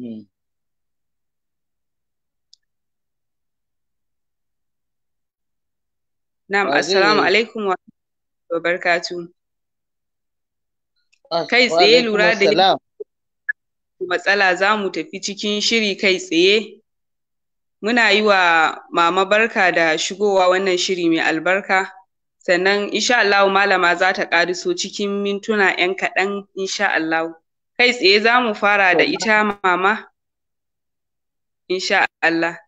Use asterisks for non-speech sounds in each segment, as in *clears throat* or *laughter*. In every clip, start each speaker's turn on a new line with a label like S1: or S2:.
S1: Mm.
S2: Na'am, assalamu alaikum wa barakatu. Kai tsaye lura da matsala za mu tafi cikin shiri kai tsaye. Muna yi wa mama barka da shigowa wannan shiri mai albarka. Sannan, insha Allah, malama za ta ƙariso cikin mintuna ‘yan kaɗan, insha Allah. Kai tsaye za mu fara da ita mama, insha Allah.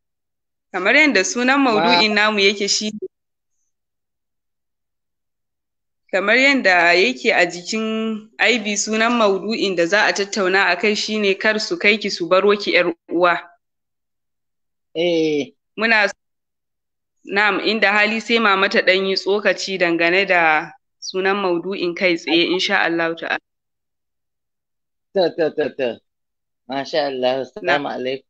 S2: Kamar yadda sunan maudu'in namu yake shi Kamar yadda yake a jikin IB sunan maudu'in da za a tattauna a kai shine kar su kai ki su baro ki ‘yar uwa. Eh. Muna Na'am, inda hali sai mama ta ɗan yi tsokaci dangane da sunan maudu'in kai tsaye insha Allah ta'ala.
S3: To, to, to, to. Masha Allah, salamu alaikum.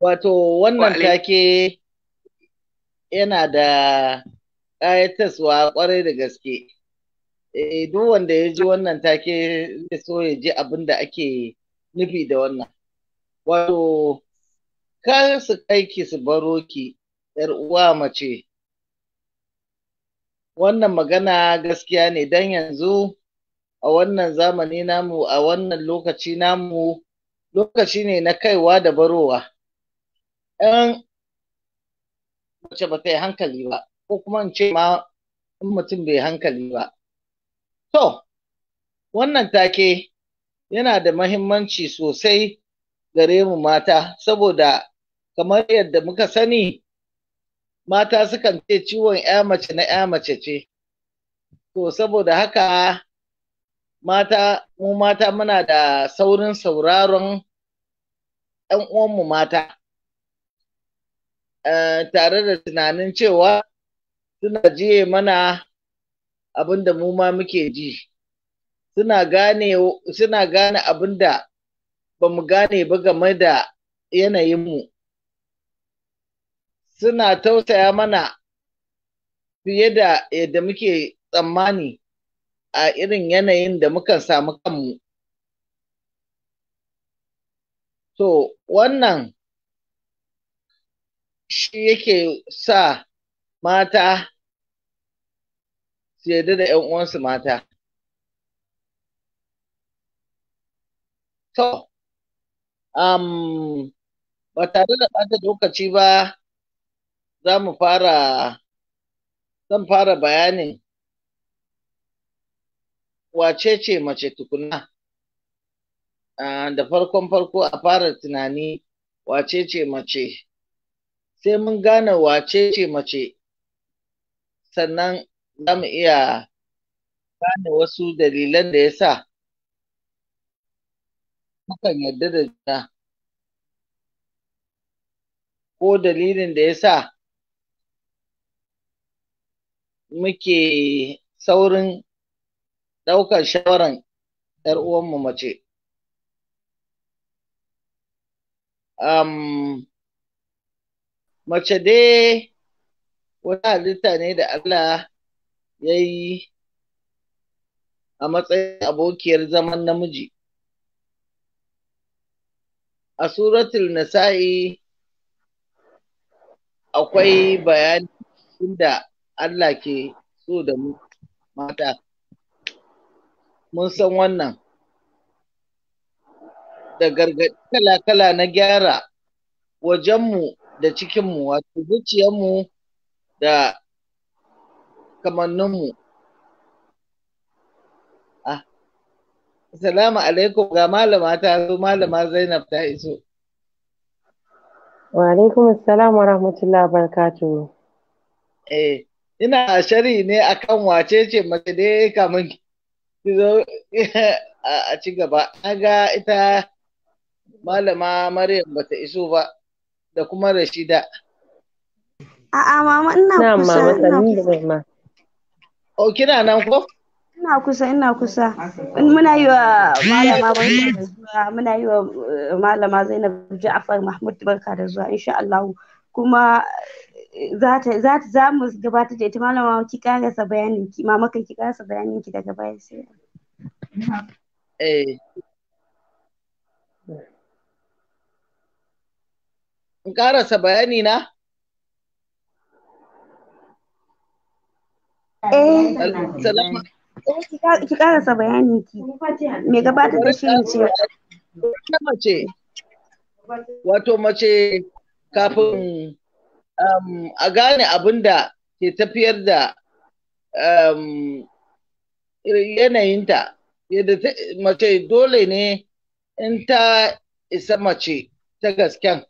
S3: Wato, wannan take yana da ƙayataswa ƙwarai da gaske. Eh, duk wanda ya ji wannan take zai so ya ji abin da ake nufi da wannan. Wato, kar su kai ki su baro ki, uwa mace. Wannan magana gaskiya ne don yanzu a wannan zamani namu a wannan lokaci namu lokaci ne na kaiwa da barowa in mace ba ta yi hankali ba ko kuma in ce ma in mutum bai hankali ba to wannan take yana da mahimmanci sosai gare mu mata saboda kamar yadda muka sani mata sukan ce ciwon ya mace na ya mace ce to saboda haka mata mu mata muna da saurin sauraron ‘yan uwanmu mata eh, tare da tunanin cewa suna jiye mana abin da mu ma muke ji suna gane suna gane abin da ba mu gane ba game da yanayin mu, suna tausaya mana fiye da yadda muke tsammani a irin yanayin da mukan samu kanmu. To, wannan shi yake sa mata su yarda da 'yan uwansu mata. To, um, ba tare da ɓata lokaci ba za mu fara, zan fara bayanin wace ce mace tukuna ah, da farkon farko a fara tunani wace ce mace sai mun gane wace ce mace sannan za mu iya gane wasu dalilan da ya sa mukan yarda da juna ko dalilin da ya sa muke saurin ɗaukar shawaran ‘yar uwanmu mace. Um, mace dai wani halitta ne da Allah ya yi a matsayin abokiyar zaman namiji. A suratul Nasa'i akwai bayani inda Allah ke so da mata. mun san wannan da gargaɗi kala-kala na gyara wajenmu da cikinmu wato zuciyarmu da kamanninmu ah, Assalamu salamu alaikum ga malama ta zo malama zainab ta iso
S1: wa alaikum assalam wa rahmatullahi barakatuhu
S3: eh ina shari ne akan wace ce mace dai ki. *laughs* a ci gaba ga ita malama maryam bata iso ba da kuma rashida
S2: a'a mama ina kusa ina o kina nan ko ina kusa ina kusa muna yi wa malama barka da zuwa muna yi wa eh, malama zainab ja'far mahmud barka da zuwa insha Allah kuma za za mu gabatar da ita malama ki karasa bayanin ki mama kan ki karasa bayanin ki daga baya sai eh
S3: in karasa bayani na
S2: eh ki karasa bayanin ki me gabatar da shi ne ce mace
S3: wato mace kafin um, a gane abin da ke tafiyar da um, yanayinta yadda mace dole ne in ta isa mace ta gasken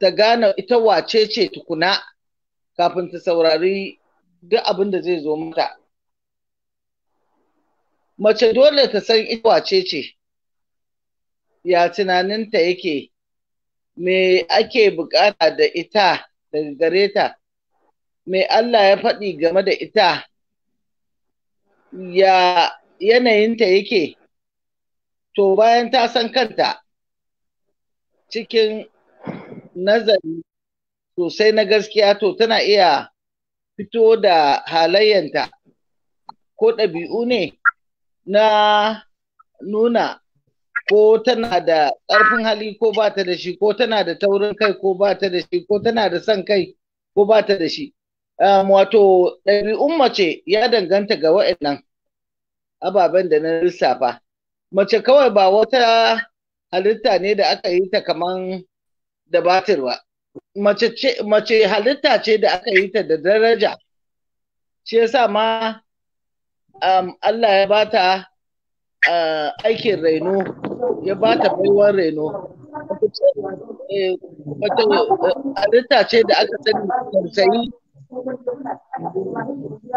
S3: ta gane ita wace ce tukuna kafin ta saurari duk abin da zai zo mata mace dole ta san ita wace ce ya tunaninta yake me ake bukata da ita daga gare ta mai Allah ya faɗi game da ita ya yanayinta yake to bayan ta san kanta cikin nazari sosai na gaskiya to tana iya fito da halayyanta ko ɗabi'u ne na nuna ko tana da ƙarfin hali ko ba ta da shi ko tana da taurin kai ko ba ta da shi ko tana da son kai ko ba ta da shi um, wato ɗabi'un mace ya danganta ga wa'annan ababen da na lissafa mace kawai ba wata halitta ne da aka yi ta kaman da batirwa mace halitta ce da aka yi ta da daraja shi yasa ma um, Allah ya bata aikin reno ya ba ta baiwar reno eh, wata eh, halitta ce da aka sani tausayi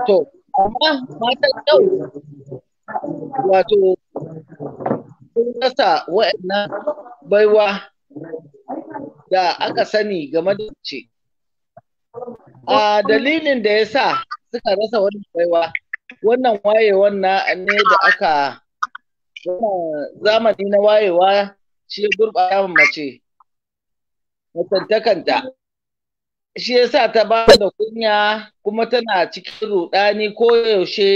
S3: to amma matan yau wato sun rasa wa'annan baiwa da aka sani game da ce a dalilin da ya sa suka rasa wannan baiwa wannan wayewan na ne da aka zamani na wayewa shi ya gurɓata mace matantakanta shi yasa ta ba da kunya kuma tana cikin ruɗani ko yaushe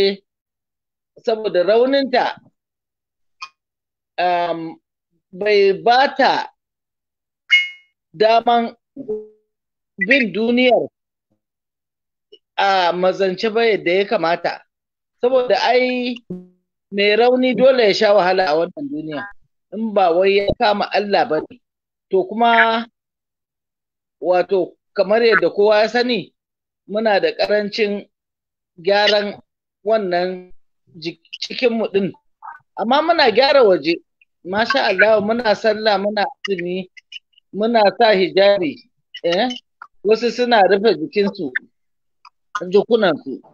S3: saboda rauninta um, bai ba ta daman bin duniyar a mazance ba yadda ya kamata saboda ai mai rauni dole ya sha wahala a wannan duniya in ba wai ya kama Allah ba ne to kuma wato kamar yadda kowa ya sani muna da ƙarancin gyaran wannan cikinmu ɗin amma muna gyara waje masha Allah muna sallah muna azumi muna sa hijabi eh wasu suna rufe jikinsu jikunansu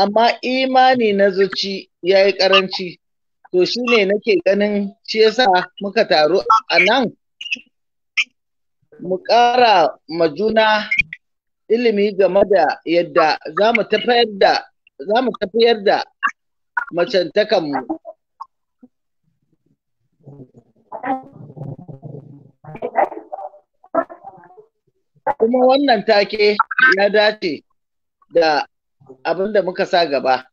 S3: amma imani na zuci ya yi ƙaranci to shi ne nake ganin shi yasa muka taru a nan mu ƙara ma juna ilimi game da yadda za mu tafiyar da za mu tafiyar macantakanmu kuma wannan take ya dace da abin da muka sa gaba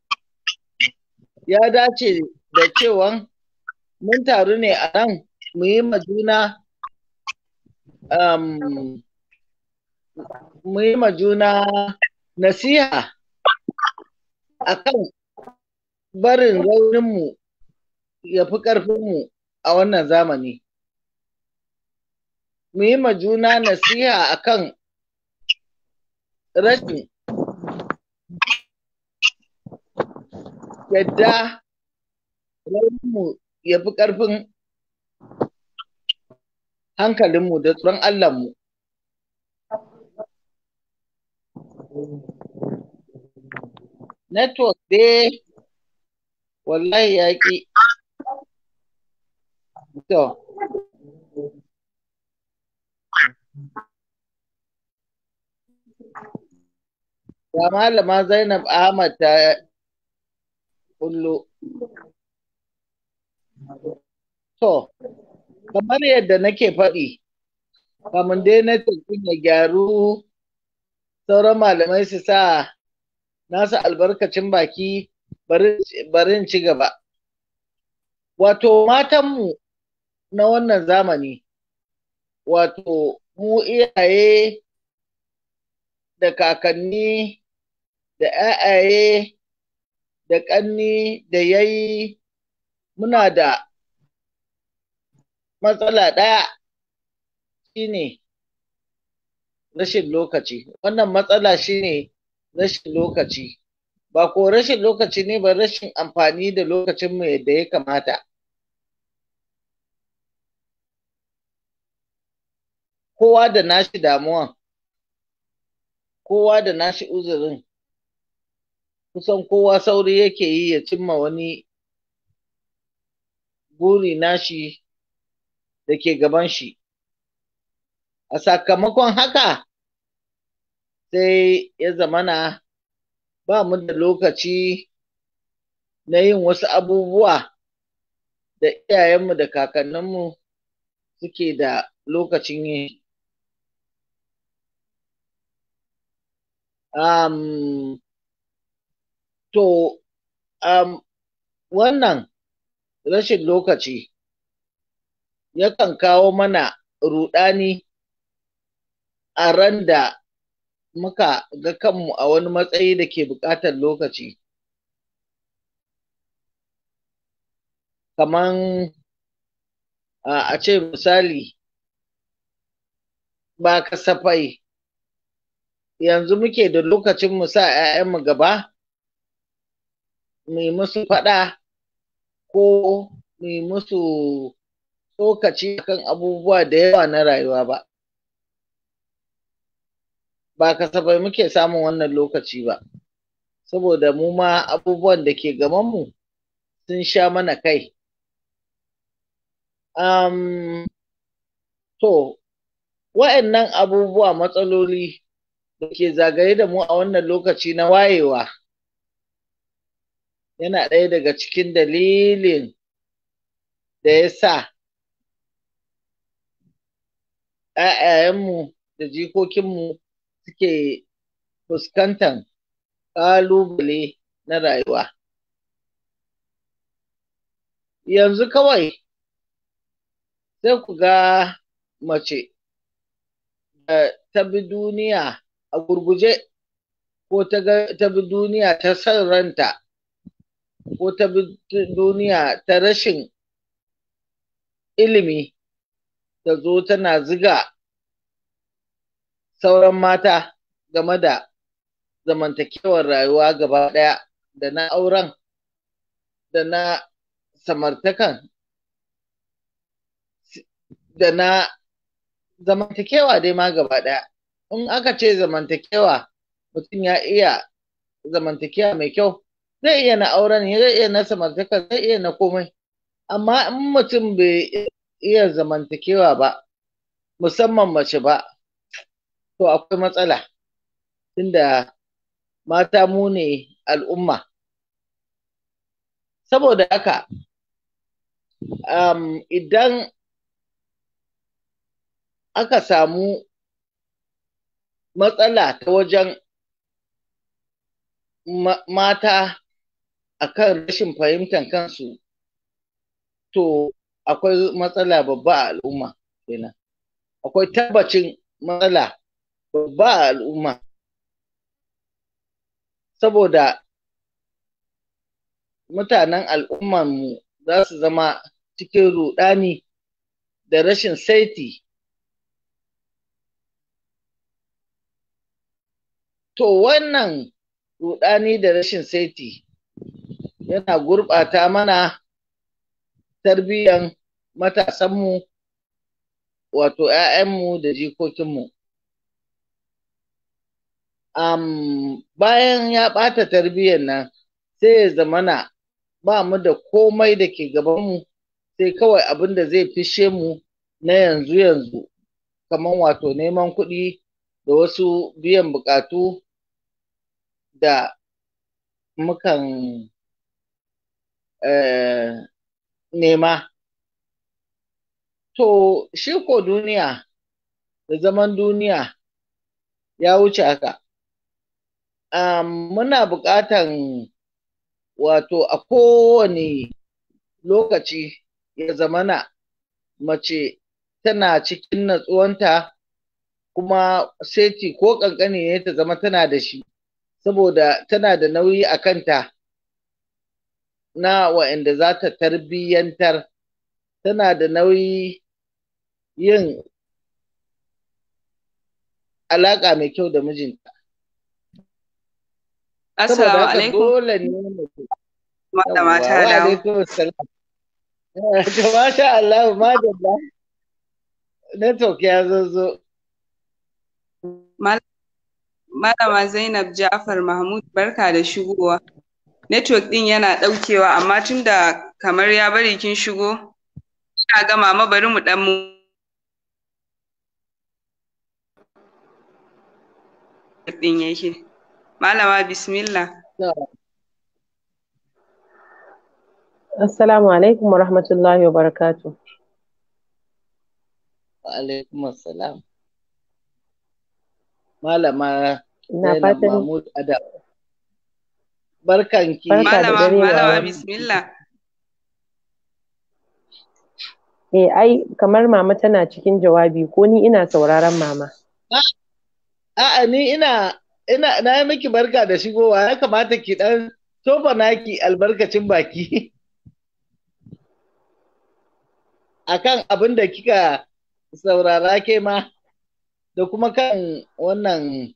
S3: ya dace da cewa mun taru ne a nan mu yi ma juna um, mu yi ma nasiha a kan barin rauninmu ya fi ƙarfinmu a wannan zamani. Mu yi ma juna nasiha a kan rashin yadda rauninmu ya fi ƙarfin hankalinmu da tsoron Allahnmu. Network dai wallahi ya ƙi. To. Ga malama Zainab Ahmad ta kullu to kamar yadda nake faɗi kamun dai na tafi ya gyaru sauran malamai su sa nasu albarkacin baki barin ci gaba wato matanmu na wannan zamani wato mu iyaye da kakanni da 'ya'yaye da ƙanni da ya yi muna da matsala ɗaya shine rashin lokaci wannan matsala shine rashin lokaci ba ko rashin lokaci ne ba rashin amfani da lokacinmu yadda ya kamata kowa da nashi damuwan kowa da nashi uzurin kusan kowa sauri yake yi ya cimma wani buri nashi da ke gaban shi a sakamakon haka sai ya zamana ba mu da lokaci na yin wasu abubuwa da iyayenmu da kakanninmu suke da lokacin yi. Um, to um, wannan rashin lokaci yakan kawo mana ruɗani a ran da muka ga kanmu a wani matsayi da ke buƙatar lokaci kaman a ce misali ba kasafai yanzu muke da lokacin mu sa 'ya'yanmu gaba mai musu faɗa ko mai musu tsokaci kan abubuwa da yawa na rayuwa ba ba kasafai muke samun wannan lokaci ba saboda mu ma abubuwan da ke gabanmu sun sha mana kai um, to wa'annan abubuwa matsaloli da ke zagaye da mu a wannan lokaci na wayewa yana ɗaya daga cikin dalilin da ya sa ‘ya'yayenmu da jikokinmu suke fuskantar ƙalubale na rayuwa. Yanzu kawai sai ku ga mace da ta bi duniya a gurguje ko ta bi duniya ta san ranta ko ta duniya ta rashin ilimi ta zo tana ziga sauran mata game da zamantakewar rayuwa gaba ɗaya da na auren da na samartakan da na zamantakewa dai ma gaba ɗaya in aka ce zamantakewa mutum ya iya zamantakewa mai kyau zai iya na auren zai iya na samartaka zai iya na komai amma in mutum bai iya zamantakewa ba musamman mace ba to akwai matsala tunda mata mu ne al'umma saboda haka um, idan aka samu matsala ta wajen mata akan rashin fahimtar kansu to akwai matsala babba a al'umma kenan akwai tabbacin matsala babba a al'umma saboda mutanen mu za su zama cikin ruɗani da rashin saiti to wannan ruɗani da rashin saiti yana gurɓata mana tarbiyyan matasanmu wato ‘ya'yanmu da jikokinmu. Um, bayan ya ɓata tarbiyyan nan sai ya zamana ba mu da komai da ke gabanmu sai kawai abin da zai fishe mu na yanzu-yanzu kamar wato neman kuɗi da wasu biyan buƙatu da mukan Eh, nema. To, shi ko duniya da zaman duniya ya wuce haka. muna buƙatan wato a kowane lokaci ya zamana mace tana cikin natsuwanta kuma seti ko ƙanƙani ne ta zama tana da shi saboda tana da nauyi a kanta na wa'anda za ta tarbiyyantar tana da nauyi yin alaƙa mai kyau da mijinta.
S2: Assalamu alaikum. Dole ne Mata mata da.
S3: Masha Allah, Network ya
S2: Malama Zainab Jafar Mahmud, barka da shigowa. network din yana daukewa amma tunda kamar ya bari kin shigo ina ga mama bari mu dan mu din yake malama bismillah
S1: assalamu alaikum wa rahmatullahi wa barakatu.
S3: wa alaikum assalam malama Ina fatan Mahmud Adam barkan malama malama
S2: bismillah
S3: eh ai
S1: kamar mama tana cikin jawabi ko ni ina sauraron mama
S2: a'a ni
S3: ina ina na yi miki barka da shigowa ya kamata ki dan tofa naki albarkacin baki *laughs* akan abin da kika saurara ke ma da kuma kan wannan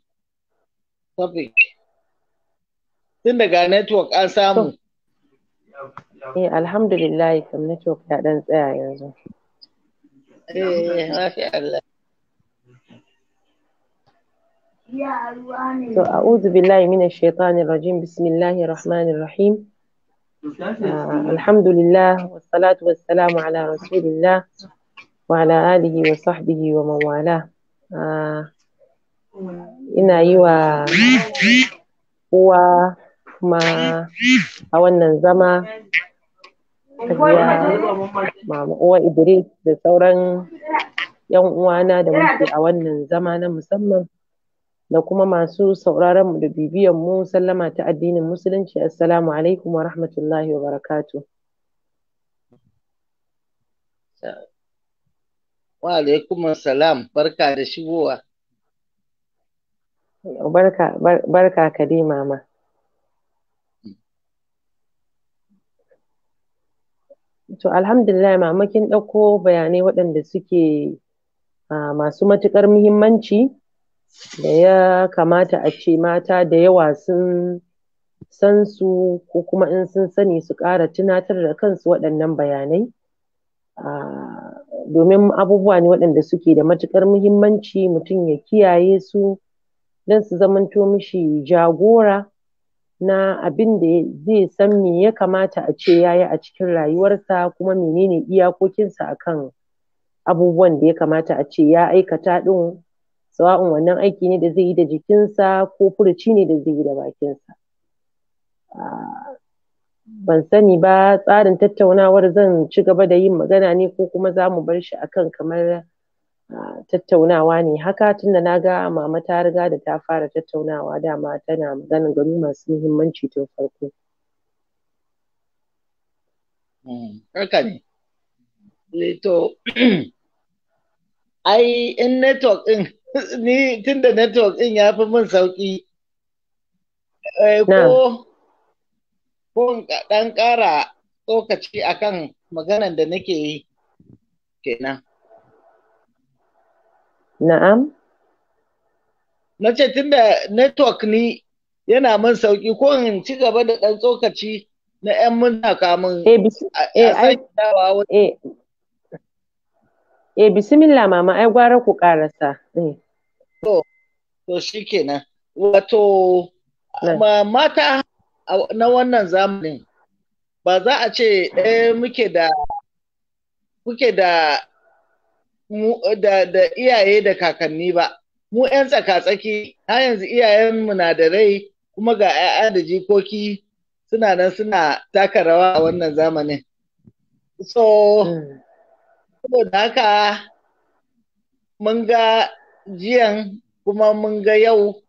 S3: topic tun daga network an samu eh alhamdulillah kam network ya dan tsaya yanzu eh mafi Allah To a'udhu
S1: billahi minash shaitanir rajim bismillahir rahmanir rahim ah, alhamdulillah wassalatu wassalamu ala rasulillah wa ala alihi wa sahbihi wa mawala. Ah, ina yi wa kuma a wannan zama mama uwa Idris da sauran
S2: yan uwana da muke a
S1: wannan zama na musamman da kuma masu sauraron mu da bibiyan mu sallama ta addinin musulunci assalamu alaikum wa rahmatullahi wa barakatu
S3: wa alaikum assalam barka da shigowa
S1: barka barka kadima mama To alhamdulillah mamakin ɗauko bayanai waɗanda suke masu matuƙar muhimmanci da ya kamata a ce mata da yawa sun san su ko kuma in sun sani su ƙara tunatar da kansu waɗannan bayanai domin abubuwa ne waɗanda suke da matuƙar muhimmanci mutum ya kiyaye su don su zamanto mishi jagora na abin da zai san me ya kamata a ce ya yi a cikin rayuwarsa kuma menene iyakokinsa akan abubuwan da ya kamata a ce ya aikata ɗin sawa'un wannan aiki ne da zai yi da jikinsa ko furuci ne da zai yi da bakinsa ban sani ba tsarin tattaunawar zan ci gaba da yin magana ne ko kuma za mu bar shi akan kamar tattaunawa ne haka tunda na ga mama ta riga da ta fara tattaunawa dama tana maganin gani masu muhimmanci tun farko.
S3: Hmm, haka ne. Eh, to, *clears throat* ai in network ɗin, *laughs* ni tunda network ɗin ya fi min sauƙi. Eh, ko, ko ɗan ƙara tsokaci akan maganan da nake yi kenan. Na'am? Na ce tunda network ni yana min sauki ko in ci gaba da ɗan tsokaci na 'yan muna kamun eh, eh, eh,
S1: eh, bismillah mama, ai gwara ku karasa.
S3: To, to shi kenan. Wato, mata na wannan zamanin ba za a ce ɗaya muke da muke da da, da iyaye da kakanni ba mu 'yan tsaka-tsaki har yanzu iyayenmu na da rai kuma ga 'ya'ya da jikoki suna nan suna taka rawa a wannan zamanin so saboda haka mun ga jiyan kuma mun ga yau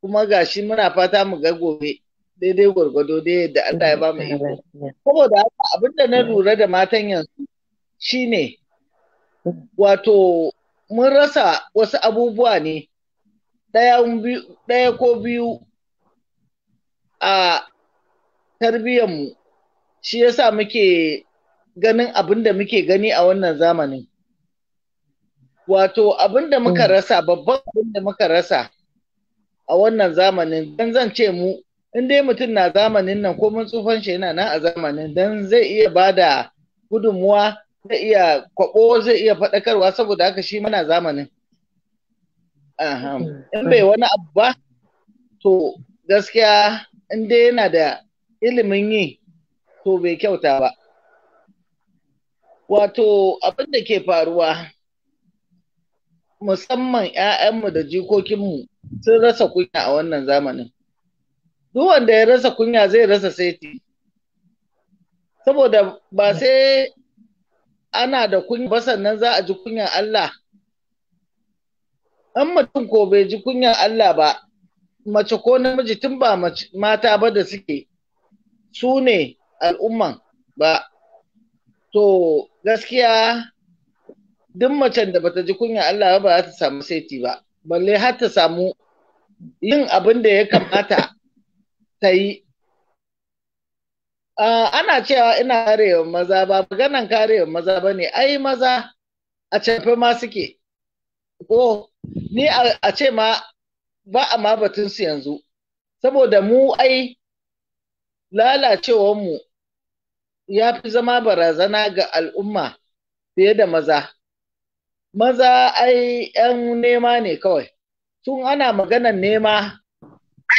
S3: kuma ga shi muna fata mu ga gobe daidai gwargwado dai yadda Allah ya ba mu iko saboda haka abinda na lura da matan yanzu shi ne Wato, mun rasa wasu abubuwa ne, ɗaya ko biyu a mu shi yasa muke ganin abin muke gani a wannan zamanin. Wato, abin muka mm. rasa, babban abin muka rasa a wannan zamanin, don zan ce mu, in dai mutum na zamanin nan ko mun tsufan shi yana nan a zamanin, don zai iya ba da gudunmuwa zai iya kwabo zai iya faɗakarwa saboda haka shi mana zamanin mm. in bai wani abu ba to gaskiya in dai yana da ilimin yi to bai kyauta ba wato abin da ke faruwa musamman 'ya'yanmu da jikokinmu sun rasa kunya a wannan zamanin duk wanda ya rasa kunya zai rasa saiti saboda ba mm. sai ana da kunya ba sannan za a ji kunyan Allah an mutum ko bai ji kunyan Allah ba mace ko namiji tun ba mata ba da suke su ne al'umman ba to gaskiya duk macen da bata ji kunyan Allah ba za ta samu saiti ba balle har ta samu yin abin da ya kamata ta yi ana cewa ina karewa maza ba maganan karewa maza ba ne ai maza a cefe ma suke ko ni a ce ma ba a ma batun su yanzu saboda mu ai lalacewanmu ya fi zama barazana ga al'umma fiye da maza. Maza ai ‘yan nema ne kawai, tun ana maganan nema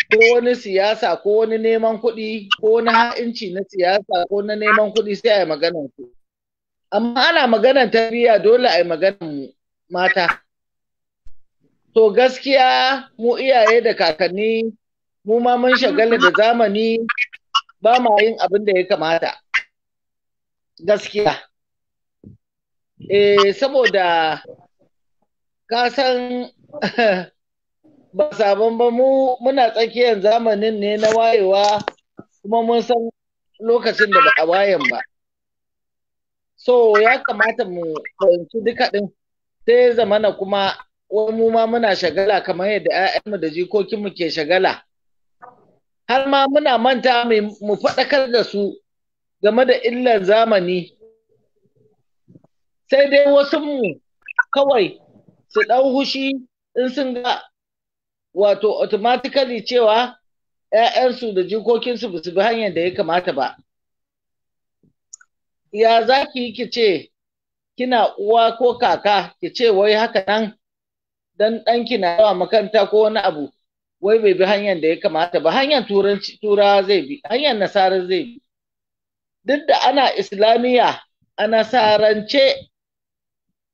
S3: ko wani siyasa ko wani neman kuɗi ko wani ha'inci na siyasa ko na neman kuɗi sai a yi maganan su amma ana maganan tarbiyya dole a yi maganan mata to gaskiya mu iyaye da kakanni mu ma mun shagala da zamani ba ma yin abin da ya kamata gaskiya eh saboda ka san *laughs* ba sabon ba mu muna tsakiyar zamanin ne na wayewa kuma mun san lokacin da ba a wayan ba so ya kamata mu fahimci duka ɗin sai zamana kuma wai mu ma muna shagala kamar yadda 'ya'yanmu da jikokinmu ke shagala har ma muna manta mu faɗakar da su game da illar zamani sai dai wasu mu kawai su ɗau hushi in sun ga wato automatically cewa ‘ya'yansu da jikokinsu ba su bi hanyar da ya kamata ba. Ya za ki yi ki ce, kina uwa ko kaka, ki ce wai haka nan don ɗanki na yawa makanta ko wani abu, wai bai bi hanyar da ya kamata ba, hanyar tura zai bi, hanyar nasara zai bi. Duk da ana islamiyya a nasarance,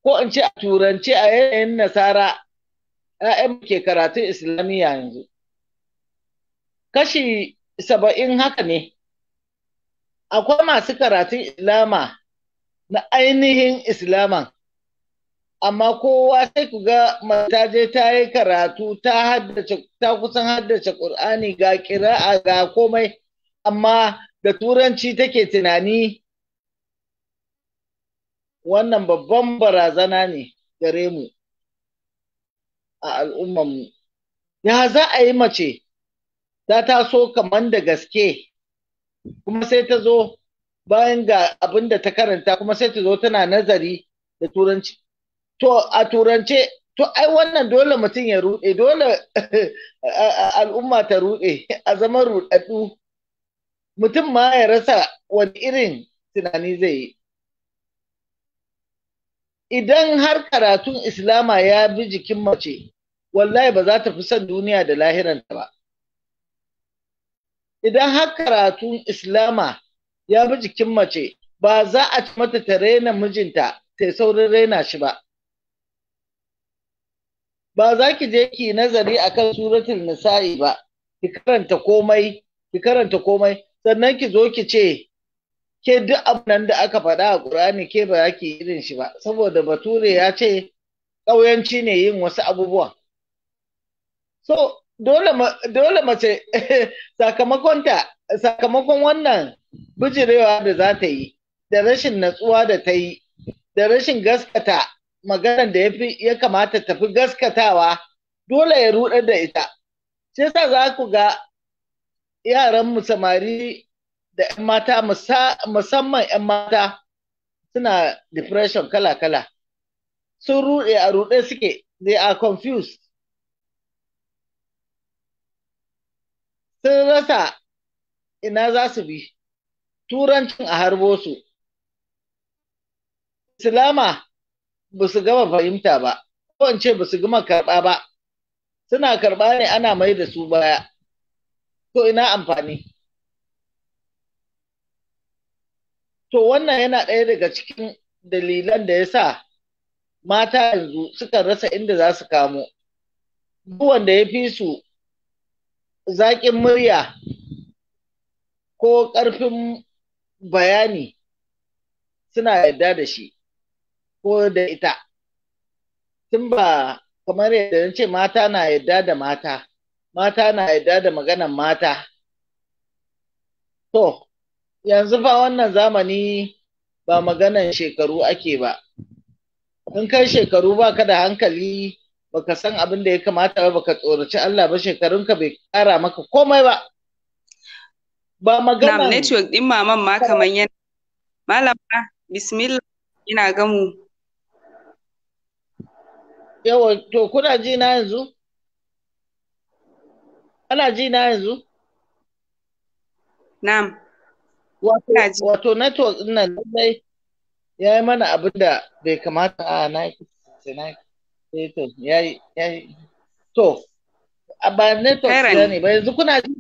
S3: ko in ce a turance a yanayin nasara ‘ya'yan ke karatun islamiyya yanzu. Kashi saba'in haka ne, akwai masu karatun islama na ainihin islaman, amma kowa sai ku ga mataje je ta yi karatu ta kusan haddace ƙur'ani ga kira'a ga komai, amma da turanci take tunani wannan babban barazana ne gare mu. a mu, ya za a yi mace ta taso kaman da gaske kuma sai ta zo bayan ga abin da ta karanta kuma sai ta zo tana nazari da turanci to a turance to ai wannan dole mutum ya ruɗe dole *laughs* al'umma ta ruɗe a zaman ruɗaɗɗu mutum ma ya rasa wani irin tunani zai yi idan har karatun islama ya bi jikin mace wallahi ba za ta fi son duniya da lahiranta ba idan har karatun islama ya bi jikin mace ba za a ci mata ta rena mijinta ta saurin rena shi ba ba za ki je ki nazari a kan suratul nisa'i ba ki karanta komai ki karanta komai sannan ki zo ki ce ke duk nan da aka faɗa a ƙur'ani ke ba yake irin shi ba saboda bature ya ce ƙauyanci ne yin wasu abubuwa so dole dole mace *laughs* sakamakonta sakamakon wannan bijirewa da za ta yi da rashin natsuwa da ta yi da rashin gaskata maganar da ya kamata tafi gaskatawa dole ya ruɗar da ita shi sa za ku ga yaran mu samari da 'yan mata musamman 'yan mata suna depression kala-kala sun ruɗe a ruɗe suke they are confused sun rasa ina za su bi turancin a harbo su islama ba su gama fahimta ba ko in ce ba su gama karɓa ba suna karɓa ne ana mai da su baya to ina amfani To wannan yana ɗaya daga cikin dalilan da ya sa mata yanzu suka rasa inda za su kamo. Duk wanda ya fi su zaƙin murya ko ƙarfin bayani suna yarda da shi ko da ita. Tun ba kamar yadda na ce mata na yarda da mata, mata na yarda da maganan mata. To, yanzu fa wannan zamani ba maganan shekaru ake ba in kai shekaru ba ka da hankali baka san abin da ya kamata ba baka tsoraci Allah ba
S2: shekarunka bai kara maka komai ba ba magana na network din maman ma kaman yana malama bismillah ina gamu yawa to kuna ji na yanzu
S3: ana ji na yanzu na'am Wato network ɗin nan lallai ya yi mana abin da bai kamata a ah, na eh, ya yi to ba network ya ne ba yanzu kuna ji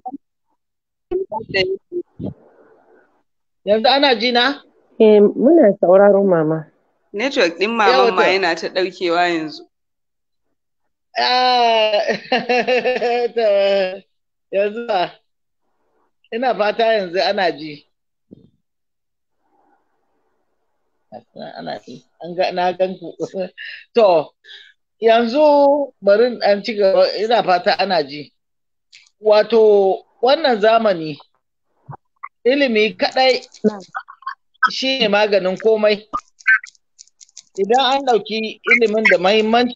S3: yanzu ana ji na?
S1: Eh muna sauraron mama.
S2: Network ɗin mama ma yana ta ɗaukewa yanzu. Ah,
S3: *laughs* yanzu ina fata yanzu ana ji. ana an ga na gan ku *laughs* to yanzu bari an ci gaba ina fata ana ji wato wannan zamani ilimi kadai shi ne maganin komai idan an ɗauki ilimin da mahimmanci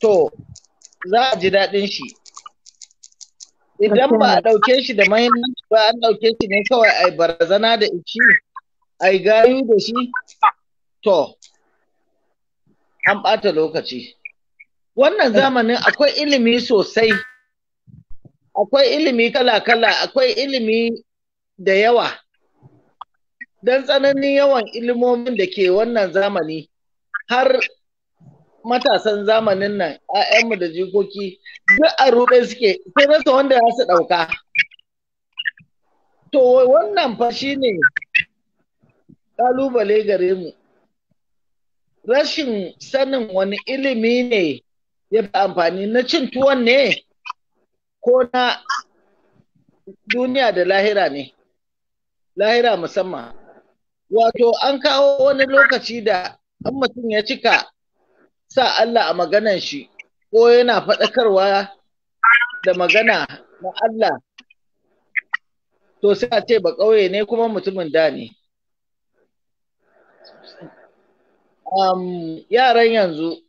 S3: to za a ji daɗin shi idan ba a ɗauke shi da mahimmanci ba an ɗauke shi ne kawai a barazana da ici ai gayu da shi to an ɓata lokaci wannan zamanin akwai ilimi sosai akwai ilimi kala-kala akwai ilimi da yawa don tsananin yawan ilimomin da ke wannan zamani har matasan zamanin nan 'ya'yanmu da jikoki duk a ruɗe suke sai rasa wanda ya su ɗauka to wannan fa shine Kalubale gare mu rashin sanin wani ilimi ne ya fi amfani na cin tuwon ne ko na duniya da lahira ne lahira musamman wato an kawo wani lokaci da an mutum ya cika sa Allah a maganan shi ko yana faɗakarwa da magana na Allah to sai a ce ba ƙauye ne kuma mutumin da ne um, yaran yanzu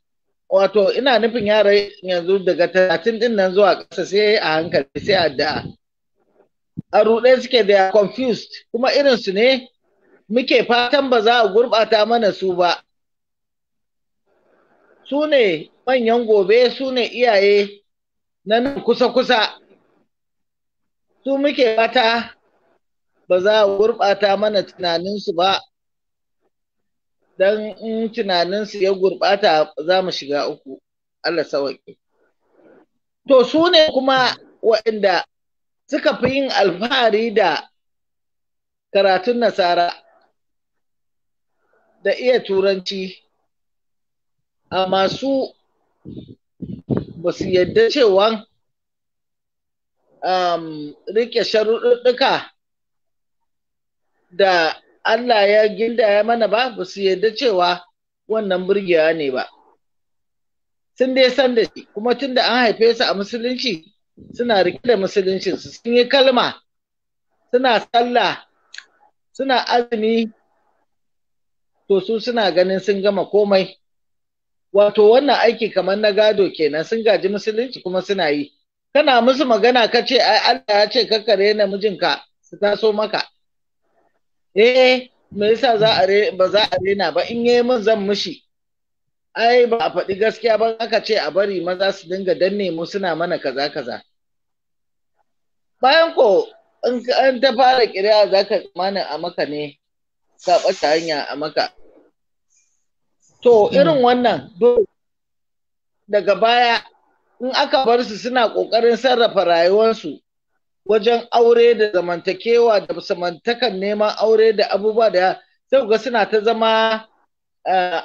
S3: wato ina nufin yaran yanzu daga talatin din nan zuwa ƙasa sai a hankali sai a da a ruɗe suke da confused kuma irinsu ne muke fatan ba za a gurɓata mana su ba su ne manyan gobe su ne iyaye na nan kusa-kusa su muke fata ba za a gurɓata mana tunaninsu ba dan in tunaninsu ya gurbata, za mu shiga uku Allah sawaƙi to su ne kuma waɗanda suka fi yin alfahari da karatun nasara da iya turanci a masu basu su yadda cewa um, rike sharuɗuɗɗuka da Allah ya gindaya mana ba ba su yarda cewa wannan burgewa ne ba sun dai san da shi kuma tun da an haife su a musulunci suna rike da musuluncinsu sun yi kalma suna sallah suna azumi to su suna ganin sun gama komai wato wannan aiki kamar na gado kenan sun gaji musulunci kuma suna yi kana musu magana ka ce ai Allah ya ce kakkare namijinka su taso maka eh me yasa za a re ba za a rena ba in yayi min zan mushi ai ba a faɗi gaskiya ba aka ce a bari maza su dinga danne mu suna mana kaza kaza bayan ko in ta fara kiriya za ka a maka ne ka ɓata hanya a maka to irin wannan daga baya in aka bar su suna ƙoƙarin sarrafa rayuwarsu wajen aure da zamantakewa da samantakan neman aure da abubuwa da sai ga suna ta zama eh,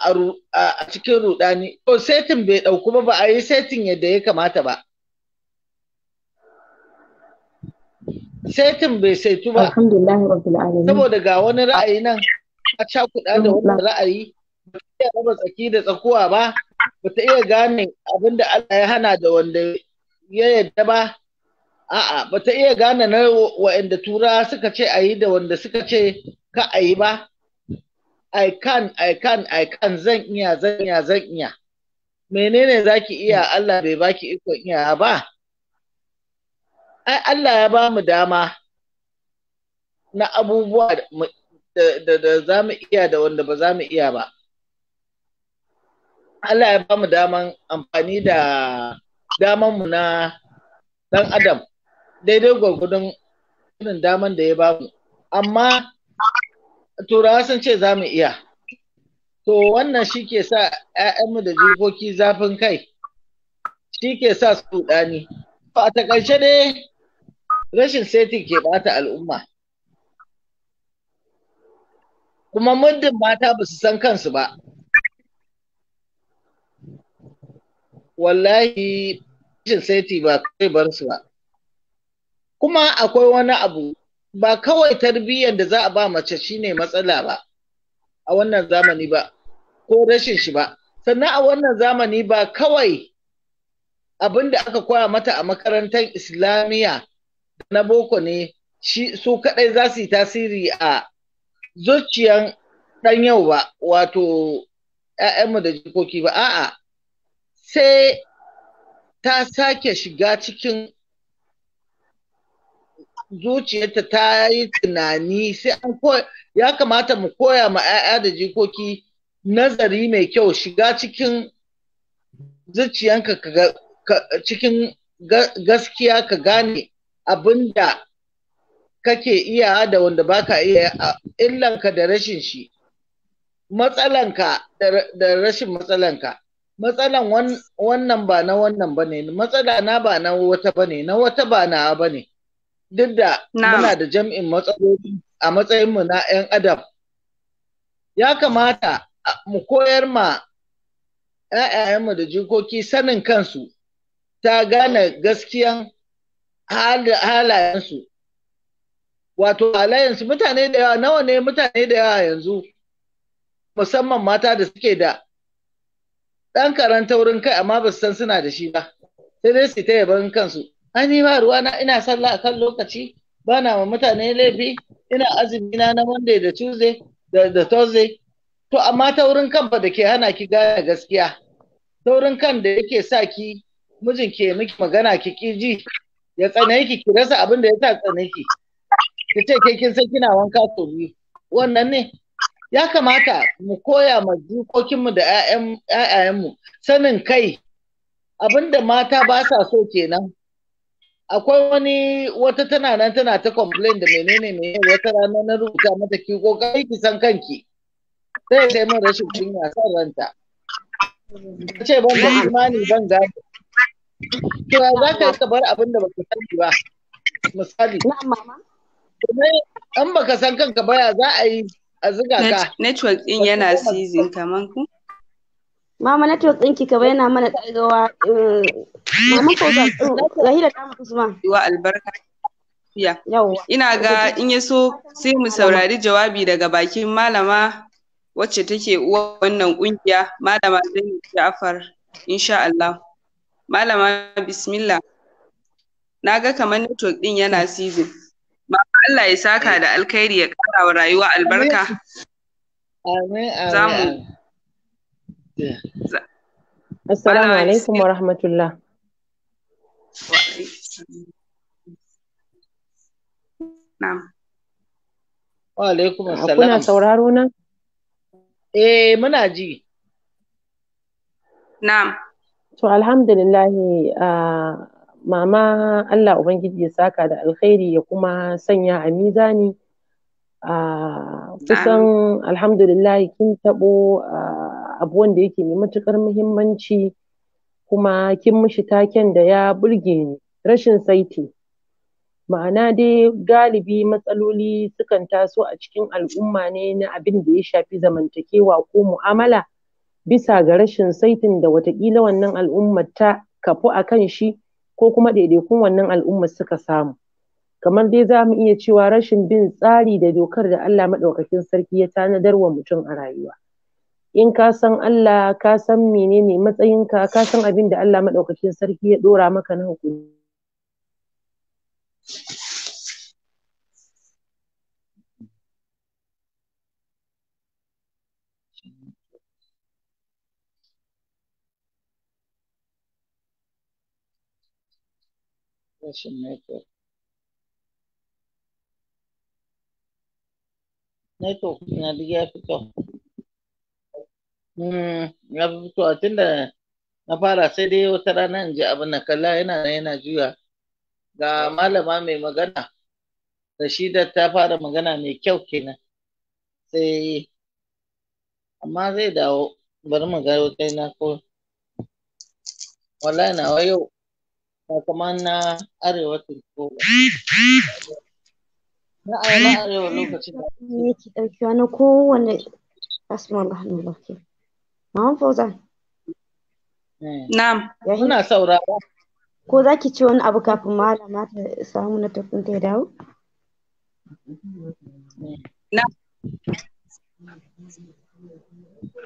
S3: a cikin rudani to setin bai dauku ba ba a yi setin yadda ya kamata ba setin bai saitu ba saboda ga wani ra'ayi nan a cakuɗa da wani ra'ayi ba ta raba tsaki da tsakuwa ba ba ta iya gane abinda Allah ya hana da wanda ya yadda ba a'a ba ta iya gane na wa'anda tura suka ce a yi da wanda suka ce ka a yi ba i can i can i can zan iya zan iya zan iya menene zaki iya Allah bai baki ikon iya ba ai Allah ya ba mu dama na abubuwa da za mu iya da wanda ba za mu iya ba Allah ya ba mu daman amfani da damanmu na dan adam daidai gwagwadon irin daman da ya bamu amma turawa sun ce za mu iya to wannan shi ke sa 'ya'yanmu da jikoki zafin kai shi ke sa su ɗani a takaice dai rashin seti ke bata al'umma kuma muddin mata ba su san kansu ba wallahi rashin seti ba kai bar su ba kuma akwai wani abu ba kawai tarbiyyar da za a ba mace shine matsala ba a wannan zamani ba ko rashin shi ba sannan a wannan zamani ba kawai abin da aka koya mata a makarantar islamiyya na boko ne shi su kadai za su yi tasiri a zuciyan dan yau ba wato 'ya'yanmu da jikoki ba a'a sai ta sake shiga cikin zuciyarta ta yi tunani sai an ya kamata mu koya ma 'ya'ya da jikoki nazari mai kyau shiga cikin zuciyanka cikin gaskiya ka gane abin da kake iya da wanda baka iya illanka da rashin shi matsalanka da rashin matsalanka matsalan wannan ba na wannan ba ne, matsala na ba na wata ne, na wata ba na ne duk da muna da jam'in matsaloli a matsayinmu na 'yan adam ya kamata mu koyar ma 'ya'yayenmu da jikoki sanin kansu ta gane gaskiyan halayensu wato halayensu mutane da yawa nawa ne mutane da yawa yanzu musamman mata da suke da ɗan karanta wurin kai amma ba su san suna da shi ba sai dai su ta yaban kansu ni ba na ina sallah akan lokaci, ba na ma mutane laifi, ina azumi na na Monday da Tuesday da Thursday. To amma ta wurin kan ba da ke hana ki gane gaskiya. Ta wurin kan da yake sa ki mijin ke miki magana ki ki ya tsane ki ki rasa abin da ya sa tsane ki. Ki ce ke kin san kina wanka to biyu. Wannan ne ya kamata mu koya ma jikokinmu da 'ya'yanmu sanin kai abinda mata ba sa so kenan akwai wani wata tana nan tana ta complain da menene ne wata rana na rubuta mata ki kokari ki san kanki sai sai mun rashin kunya san ranta ta ce ban da imani ban gane kira za ka ka bar abin da baka sani ba misali
S2: in baka san kanka baya za a yi a zuga ka network din yana season kaman ku Mama network ɗinki kaba yana mana ɗagawa. Eh, Mama ko Rahila ta mutu Usman. Wa albarka. Ina ga in ya so sai mu saurari jawabi daga bakin malama wacce take uwa wannan kungiya malama Zainab Ja'far insha Allah. Malama bismillah. Na ga kamar network ɗin yana season. Mama Allah ya saka da alkhairi ya ƙara wa rayuwa albarka. Amin. Za mu
S1: Assalamu alaikum wa rahmatullah.
S3: Wa alaikum ah, assalam. Kuna sauraro na? Eh, muna ji.
S2: Na'am.
S1: To alhamdulillah ah, mama Allah Ubangiji ya saka da alkhairi ya kuma sanya a mizani. Ah, kusan alhamdulillah kin taɓo abu wanda yake mai matuƙar muhimmanci kuma kin mishi taken da ya burge ni rashin saiti ma'ana dai galibi matsaloli sukan taso a cikin al'umma ne na abin da ya shafi zamantakewa ko mu'amala bisa ga rashin saitin da watakila wannan al'ummar ta kafu a kan shi ko kuma ɗaiɗaikun wannan al'ummar suka samu kamar dai za mu iya cewa rashin bin tsari da dokar da Allah maɗaukakin sarki ya tanadar wa mutum a rayuwa in ka san Allah ka san menene matsayinka ka san abin da Allah maɗaukakin sarki ya ɗora maka na
S2: hukumi
S3: network. ya fito. Hmm, na to tun da na fara sai dai wata rana in ji abin na kalla yana nan yana juya ga malama mai magana Rashida ta fara magana mai kyau kenan sai amma zai dawo bari mu ga wata na ko wallahi nawa yau ba kuma na arewa turko na arewa lokacin da
S2: ne ki dauki wani kowane asma Allah ne Maman Fauzan.
S3: Hmm. Na'am, muna saurara.
S2: Ko za ki ci wani abu kafin malama ta samu na tafin ta dawo? Na.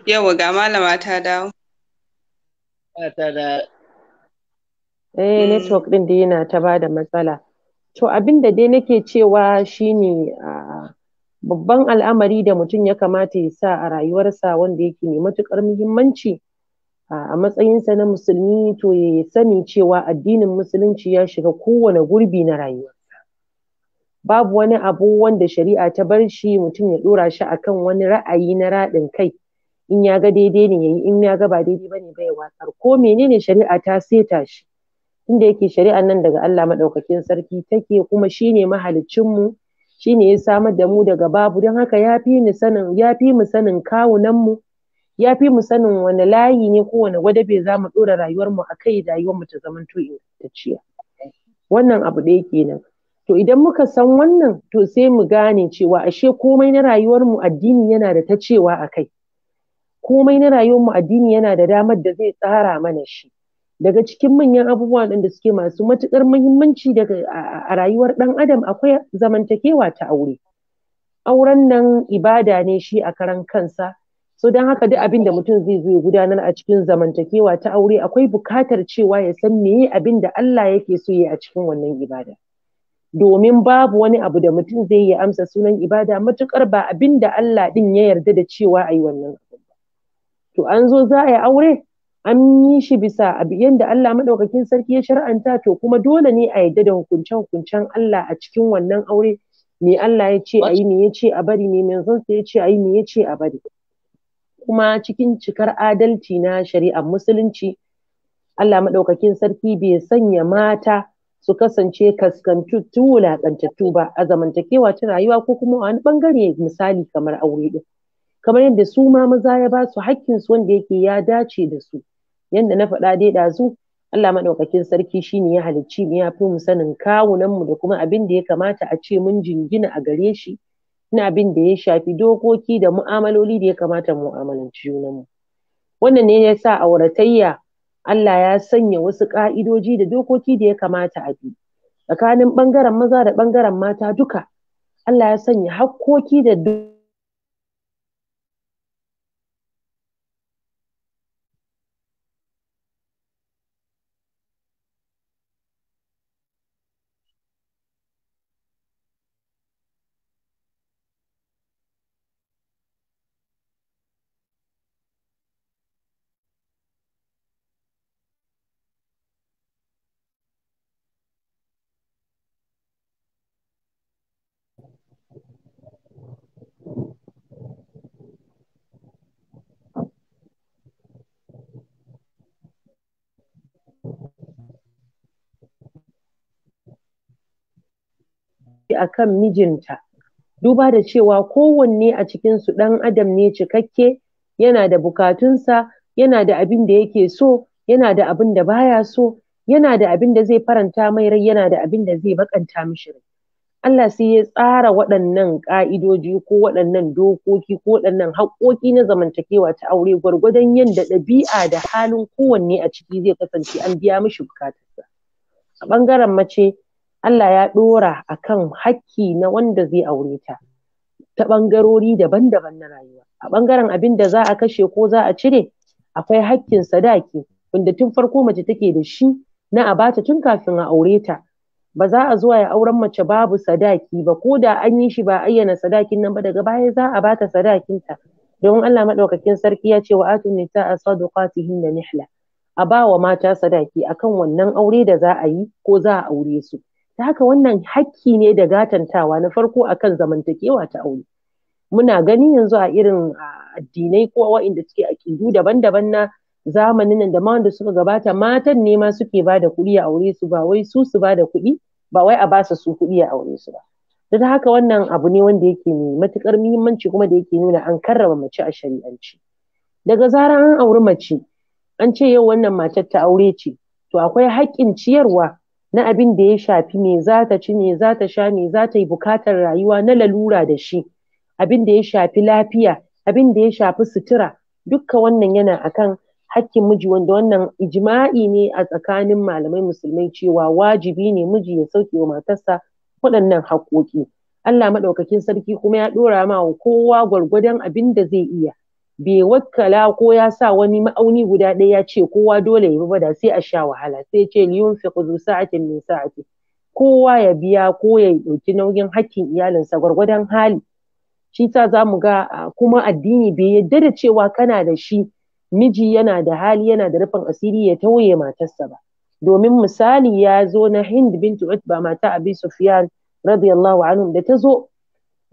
S2: Yawa ga malama ta dawo. Ta da.
S1: Eh, hmm. network din da yana ta bada matsala. To abin da dai nake cewa shine a ah, babban al'amari da mutum ya kamata ya sa a rayuwarsa wanda yake mai matuƙar muhimmanci a matsayinsa na musulmi to ya sani cewa addinin musulunci ya shiga kowane gurbi na rayuwarsa babu wani abu wanda shari'a ta bar shi mutum ya ɗora shi a kan wani ra'ayi na raɗin kai in ya ga daidai ne yayi in ya ga ba daidai bane bai watsar ko menene shari'a ta seta shi inda yake shari'ar nan daga Allah maɗaukakin sarki take kuma shine mahaliccin mu shine ya samar da mu daga babu don haka ya fi ni sanin ya fi mu sanin kawunan mu ya fi mu sanin wani layi ne ko wani gwadabe za mu ɗora rayuwar mu a kai rayuwar mu ta zaman zamanto ingantacciya wannan abu ɗaya nan. to idan muka san wannan to sai mu gane cewa ashe komai na rayuwar mu addini yana da ta cewa akai, komai na rayuwar mu addini yana da damar da zai tsara mana shi daga cikin manyan abubuwa da suke masu matuƙar muhimmanci daga a rayuwar ɗan adam akwai zamantakewa ta aure auren nan ibada ne shi a karan kansa so don haka duk abin da mutum zai zo ya gudanar a cikin zamantakewa ta aure akwai bukatar cewa ya san meye abin da Allah yake so ya a cikin wannan ibada domin babu wani abu da mutum zai yi amsa sunan ibada matukar ba abin da Allah din ya yarda da cewa a yi wannan abu to an zo za a yi aure an yi shi bisa yadda Allah maɗaukakin sarki ya shar'anta to kuma dole ne a yadda da hukunce-hukuncen Allah a cikin wannan aure me Allah ya ce a yi me ya ce a bari me manzonsa ya ce a yi me ya ce a bari kuma cikin cikar adalci na shari'ar musulunci Allah maɗaukakin sarki bai sanya mata su kasance kaskantattu wulaƙantattu ba a zamantakewa ta rayuwa ko kuma wani bangare misali kamar aure din kamar yadda su ma maza ya ba su haƙƙinsu wanda yake ya dace da su yanda na faɗa dai ɗazu Allah maɗaukakin sarki shi ne ya halicci mu ya fi mu sanin kawunanmu da kuma abin da ya kamata a ce mun jingina a gare shi na abin da ya shafi dokoki da mu'amaloli da ya kamata mu mu'amalanci junanmu wannan ne ya sa auratayya Allah ya sanya wasu ƙa'idoji da dokoki da ya kamata a bi tsakanin bangaren maza da ɓangaren mata duka Allah ya sanya hakkoki da a kan mijinta duba da cewa kowanne a cikinsu ɗan adam ne cikakke yana da bukatunsa yana da abin da yake so yana da abin da baya so yana da abin da zai faranta mai rai yana da abin da zai bakanta mishi rai Allah sai ya tsara waɗannan ƙa'idoji ko waɗannan dokoki ko waɗannan haƙƙoƙi na zamantakewa ta aure gwargwadon yadda ɗabi'a da halin kowanne a ciki zai kasance an biya mishi bukatarsa a ɓangaren mace Allah ya ɗora a kan hakki na wanda zai aure ta ta ɓangarori daban-daban na rayuwa a ɓangaren abin da za a kashe ko za a cire akwai hakkin sadaki wanda tun farko mace take da shi na a bata tun kafin a aure ta ba za a zuwa ya auren mace babu sadaki ba ko da an yi shi ba ayyana sadakin nan ba daga baya za a bata ta. domin Allah maɗaukakin sarki ya ce wa atu nisaa da nihla a ba wa mata sadaki akan wannan aure da za a yi ko za a aure su ta haka wannan hakki ne da gatantawa na farko akan zamantakewa ta aure muna gani yanzu a irin addinai ko wa'inda suke akidu daban-daban na zamanin nan da ma wanda suka gabata matan ne ma suke ba da kuɗi a aure su ba wai su su ba da kuɗi ba wai a ba su kuɗi a aure su ba don haka wannan abu ne wanda yake ne, matuƙar muhimmanci kuma da yake nuna an karrama mace a shari'anci daga zarar an auri mace an ce yau wannan matar ta aure ce to akwai haƙƙin ciyarwa na abin da ya shafi me za ta ci me za ta sha me za ta yi bukatar rayuwa na lalura da shi abin da ya shafi lafiya abin da ya shafi sutura dukka wannan yana akan hakkin miji wanda wannan ijma'i ne a tsakanin malamai musulmai cewa wajibi ne miji ya sauke wa matarsa waɗannan haƙoƙi Allah maɗaukakin sarki kuma ya ɗora ma wa kowa gwargwadon abin da zai iya bai wakkala ko ya sa wani ma'auni guda ɗaya ya ce kowa dole ya bada sai a sha wahala sai ce liyun fi kuzu sa'atin min sa'ati kowa ya biya ko ya ɗauki nauyin hakkin iyalinsa gwargwadon hali shi ta za mu ga kuma addini bai yadda da cewa kana da shi miji yana da hali yana da rufin asiri ya tauye matarsa ba domin misali ya zo na Hind bint Utba mata Abi Sufyan radiyallahu anhu da ta zo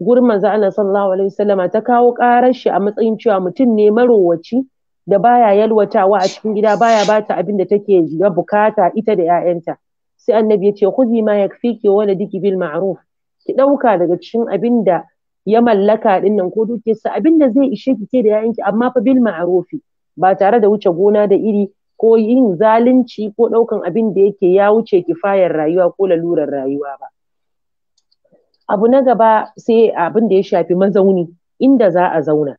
S1: gurin manzo Allah sallallahu alaihi wasallama ta kawo karar shi a matsayin cewa mutum ne marowaci da baya yalwatawa a cikin gida baya bata abin da take ga bukata ita da 'ya'yanta sai annabi ya ce khudhi ma yakfiki wala diki bil ma'ruf ki dauka daga cikin abin da ya mallaka din nan ko sa abin da zai ishe ki ke da 'ya'yanki amma fa bil ma'ruf ba tare da wuce gona da iri ko yin zalunci ko daukan abin da yake ya wuce kifayar rayuwa ko lalurar rayuwa ba abu na gaba sai abin da ya shafi mazauni inda za a zauna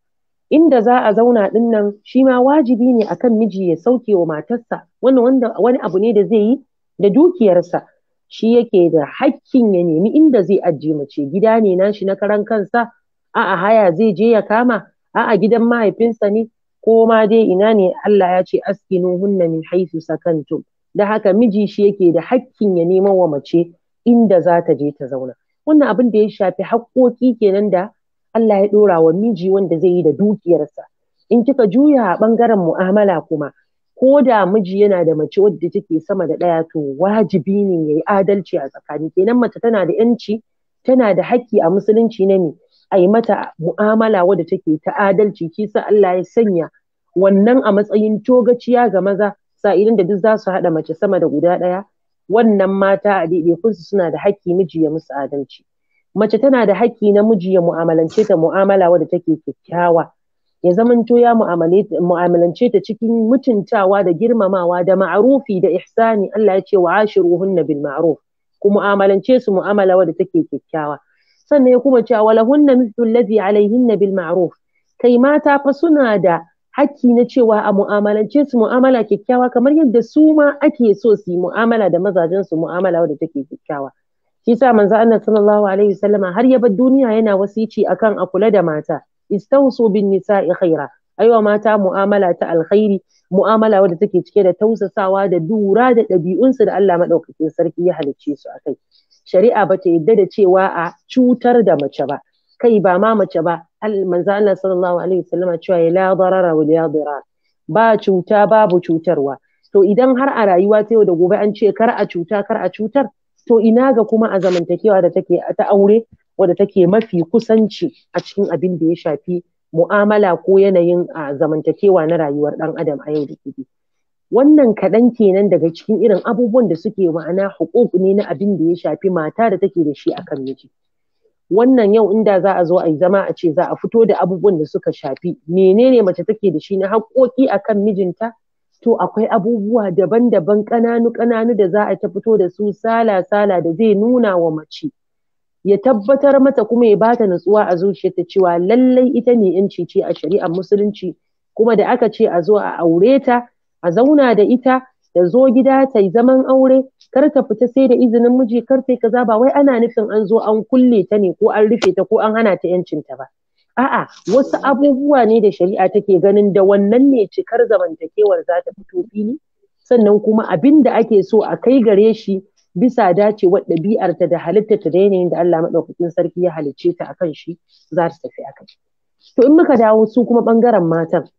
S1: inda za a zauna din nan shi ma wajibi ne akan miji ya sauke wa matarsa wani wanda wani abu ne da zai yi da dukiyarsa shi yake da hakkin ya nemi inda zai ajiye mace gida ne shi na karan kansa a'a haya zai je ya kama a'a gidan mahaifinsa ne ko ma dai ina ne Allah ya ce askinu hunna min haisu sakantum da haka miji shi yake da hakkin ya nemo wa mace inda za ta je ta zauna wannan abin da ya shafi haƙƙoƙi kenan da Allah ya ɗora wa miji wanda zai yi da dukiyarsa in kika juya a ɓangaren mu'amala kuma ko da miji yana da mace wadda take sama da ɗaya to wajibi ne ya yi adalci a tsakani kenan mace tana da yanci tana da haƙƙi a musulunci na ne a yi mata mu'amala wadda take ta adalci shi sa Allah ya sanya wannan a matsayin togaciya ga maza sa'ilin da duk za su haɗa mace sama da guda ɗaya wannan mata a ɗaiɗaikunsu suna da haƙƙi miji ya musu adalci mace tana da haƙƙi na miji ya mu'amalance ta mu'amala wadda take kyakkyawa ya zamanto ya mu'amalance ta cikin mutuntawa da girmamawa da ma'arufi da ihsani Allah ya ce wa ashiruhunna bil ma'ruf ku mu'amalance su mu'amala wadda take kyakkyawa sannan ya kuma cewa walahunna mithlu allazi alaihinna bil ma'ruf kai mata fa suna da hakki na cewa a mu'amalance su mu'amala kyakkyawa kamar yadda su ma ake so su yi mu'amala da mazajen su mu'amala wadda take kyakkyawa shi sa manzo Allah sallallahu alaihi wasallama har ya bar duniya yana wasici akan a kula da mata istawsu bin nisa'i khaira aiwa mata mu'amala ta alkhairi mu'amala wadda take cike da tausasawa da dura da ɗabi'unsu da Allah madaukakin sarki ya halicce su akai shari'a bata yadda da cewa a cutar da mace ba kai ba ma mace ba manzo Allah sallallahu alaihi wasallam cewa la darara wa la dirar ba cuta babu cutarwa to idan har a rayuwa ta yau da gobe an ce kar a cuta kar a cutar to ina ga kuma a zamantakewa da take ta aure wadda take mafi kusanci a cikin abin da ya shafi mu'amala ko yanayin a zamantakewa na rayuwar ɗan adam a yau da gobe wannan kaɗan kenan daga cikin irin abubuwan da suke ma'ana hukuk ne na abin da ya shafi mata da take da shi akan miji wannan yau inda za a zo a yi zama a ce za a fito da abubuwan da suka shafi menene mace take da shi na haƙoƙi akan mijinta to akwai abubuwa daban-daban ƙananu-ƙananu da za a ta fito da su sala-sala da zai nuna wa mace ya tabbatar mata kuma ya bata natsuwa a zuciyarta cewa lallai ita ne yanci ce a shari'ar musulunci kuma da aka ce a zo a aure ta a zauna da ita da zo gida ta zaman aure kar ta fita sai da izinin miji kar ta kaza ba wai ana nufin an zo an kulle ta ne ko an rufe ta ko an hana ta yancin ta ba a'a wasu abubuwa ne da shari'a take ganin da wannan ne cikar zamantakewar za ta fito fili sannan kuma abin da ake so a kai gare shi bisa dacewar ɗabi'arta da ta da yanayin da Allah maɗaukakin sarki ya halicce ta akan shi za ta tafi akai to in muka dawo su kuma ɓangaren matan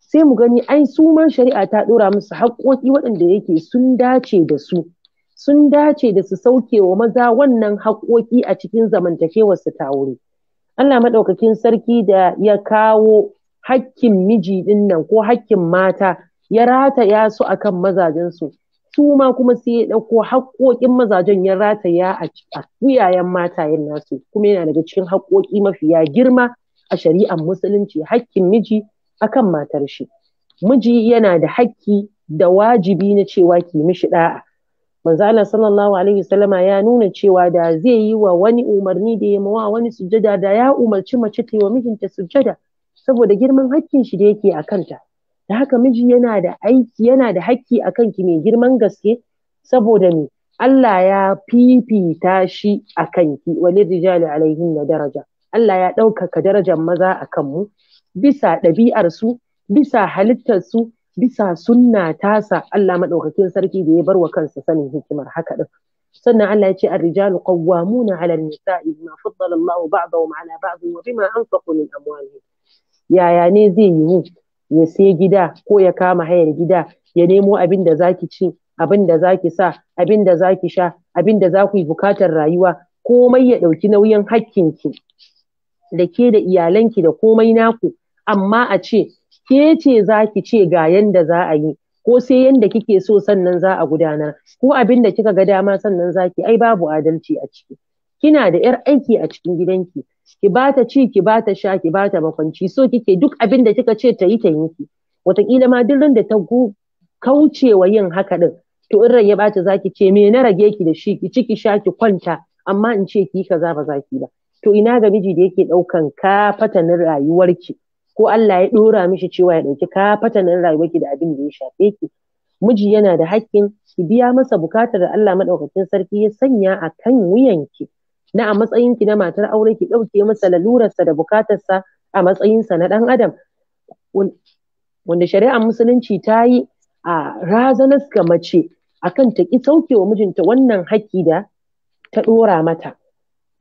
S1: sai mu gani ai su ma shari'a ta ɗora musu haƙƙoƙi waɗanda yake sun dace da su sun dace da su sauke wa maza wannan haƙoƙi a cikin zamantakewar su ta wuri. Allah maɗaukakin sarki da ya kawo hakkin miji ɗin ko hakkin mata ya rataya su akan mazajensu su ma kuma sai ya ɗauko haƙoƙin mazajen ya rataya a mata matayen nasu kuma yana daga cikin haƙoƙi mafiya girma a shari'ar musulunci hakkin miji akan matar shi miji yana da hakki da wajibi na cewa ki mishi ɗa'a manzo Allah sallallahu alaihi wasallama ya nuna cewa da zai yi wa wani umarni da ya mawa wani sujjada da ya umarci mace ta yi wa mijinta sujjada saboda girman hakkin shi da yake a kanta da haka miji yana da aiki yana da hakki a kanki mai girman gaske saboda ni, Allah ya fifita shi a kanki wali rijali alaihin na daraja Allah ya ɗaukaka darajar maza a kanmu bisa ɗabi'arsu bisa halittarsu bisa sunna tasa Allah madaukakin sarki da ya bar wa kansa sanin hikimar haka din sannan Allah ya ce ar-rijalu qawwamuna 'ala an-nisa'i bima faddala Allah ba'dahum 'ala ba'd wa bima anfaqu min amwalihim yaya ne zai yiwu ya sai gida ko ya kama hayar gida ya nemo abin da zaki ci abin da zaki sa abin da zaki sha abin da za ku yi bukatar rayuwa komai ya ɗauki nauyin hakkinki da ke da iyalanki da komai naku amma a ce ke ce za ki ce ga yanda za a yi ko sai yadda kike so sannan za a gudanar ko abin da kika ga dama sannan za ki ai babu adalci a ciki kina da yar aiki a cikin gidanki ki ba ta ci ki ba ta sha ki ba ta makwanci so kike duk abin da kika ce ta yi ta yi wataƙila ma duk da ta kauce wa yin haka din to in rai ya bata ki ce me na rage ki da shi ki ci ki sha ki kwanta amma in ce ki kaza ba za ki ba to ina ga miji da yake ɗaukan ka fatanin rayuwarki ko Allah ya ɗora mishi cewa ya ɗauki rayuwar ki da abin da ya shafe ki miji yana da hakkin ki biya masa bukatar da Allah madaukakin sarki ya sanya a kan wuyanki na a matsayin ki na matar aure ki ɗauke masa lalurarsa da bukatarsa a matsayinsa na ɗan adam wanda shari'ar musulunci ta yi a razanas ga mace akan ta ki sauke wa mijinta wannan haƙƙi da ta ɗora mata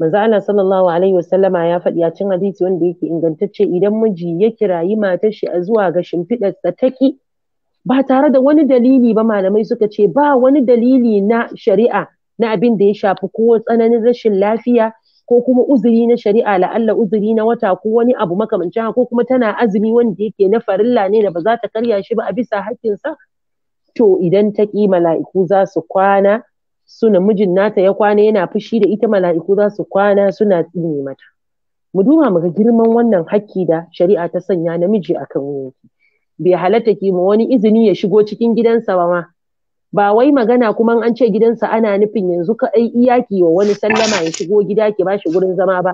S1: manzo Allah sallallahu alaihi wasallama ya faɗi a cikin hadisi wanda yake ingantacce idan miji ya kirayi matar shi a zuwa ga shimfiɗar taki ba tare da wani dalili ba malamai suka ce ba wani dalili na shari'a na abin da ya shafi ko tsananin rashin lafiya ko kuma uzuri na shari'a la'alla uzuri na wata ko wani abu makamancin ko kuma tana azumi wanda yake na farilla ne da ba za ta karya shi ba a bisa hakkinsa to idan ta ƙi mala'iku za su kwana suna mijin nata ya kwana yana fushi da ita mala'iku za su kwana suna tsine mata mu duba muga girman wannan hakki da shari'a ta sanya namiji akan wuyanki bai halatta ki mu wani izini ya shigo cikin gidansa ba ma ba wai magana kuma an ce gidansa ana nufin yanzu ka ai iyaki wa wani sallama ya shigo gida ki ba shi gurin zama ba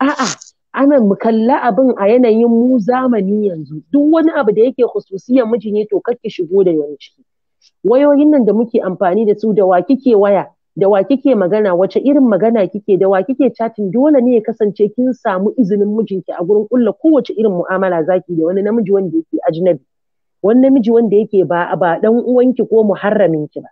S1: a'a ana mu kalla abin a yanayin mu zamani yanzu duk wani abu da yake khususiyan miji ne to kar ki shigo da wani ciki wayoyin nan da muke amfani da su da wa kike waya da wa kike magana wace irin magana kike da wa kike chatin dole ne ya kasance kin samu izinin mijinki a gurin kulla kowace irin mu'amala zaki da wani namiji wanda yake ajnabi wani namiji wanda yake ba ba dan uwanki ko muharraminki ba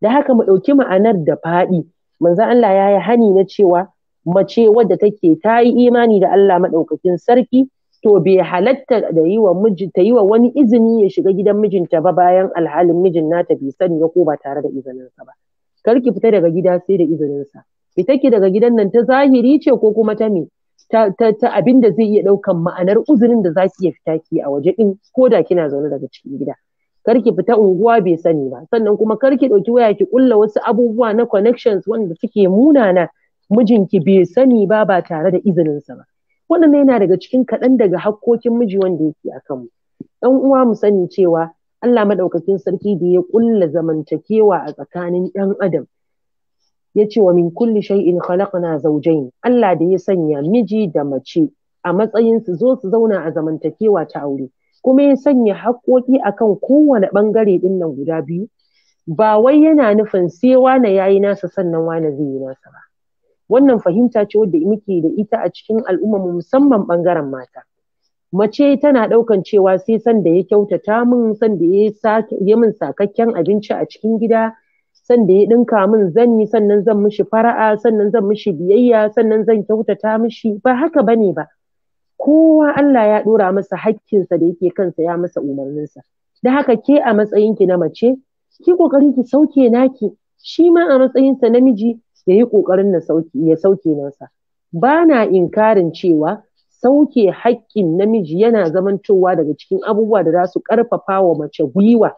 S1: da haka mu dauki ma'anar da faɗi manzo Allah ya yi hani na cewa mace wadda take ta yi imani da Allah madaukakin sarki to bai halatta da yi wa ta yi wa wani izini ya shiga gidan mijinta ba bayan alhalin mijin nata bai sani ko ba tare da izininsa ba kar ki fita daga gida sai da izininsa sa ki daga gidan nan ta zahiri ce ko kuma ta me ta, ta, abin da zai iya ɗaukan ma'anar uzurin da za ki iya fita ki a waje ɗin ko da kina zaune daga cikin gida kar ki fita unguwa bai sani ba sannan kuma kar ki ɗauki waya ki kulla wasu abubuwa na connections wanda suke munana mijinki bai sani ba ba tare da izininsa ba wannan yana daga cikin kaɗan daga hakkokin miji wanda yake a kanmu ɗan uwa mu sani cewa Allah maɗaukakin sarki da ya ƙulla zamantakewa a tsakanin ɗan adam ya ce wa min kulli shay'in khalaqna zawjayn Allah da ya sanya miji da mace a matsayin su zo su zauna a zamantakewa ta aure kuma ya sanya hakkoki akan kowane ɓangare ɗin nan guda biyu ba wai yana nufin sai wane yayi nasa sannan wane zai yi nasa ba wannan fahimta ce wadda muke da ita a cikin al'umma mu musamman bangaren mata mace tana ɗaukan cewa sai sanda ya kyautata min sanda ya min sakakken abinci a cikin gida sanda ya ɗinka min zanni sannan zan mishi fara'a sannan zan mishi biyayya sannan zan kyautata mishi ba haka bane ba kowa Allah ya ɗora masa hakkinsa da yake kansa ya masa umarninsa da haka ke a matsayinki na mace ki kokari ki sauke naki shi ma a matsayinsa namiji ya yi ƙoƙarin na ya sauke nasa ba na inkarin cewa sauke haƙƙin namiji yana zamantowa daga cikin abubuwa da za su ƙarfafa wa mace gwiwa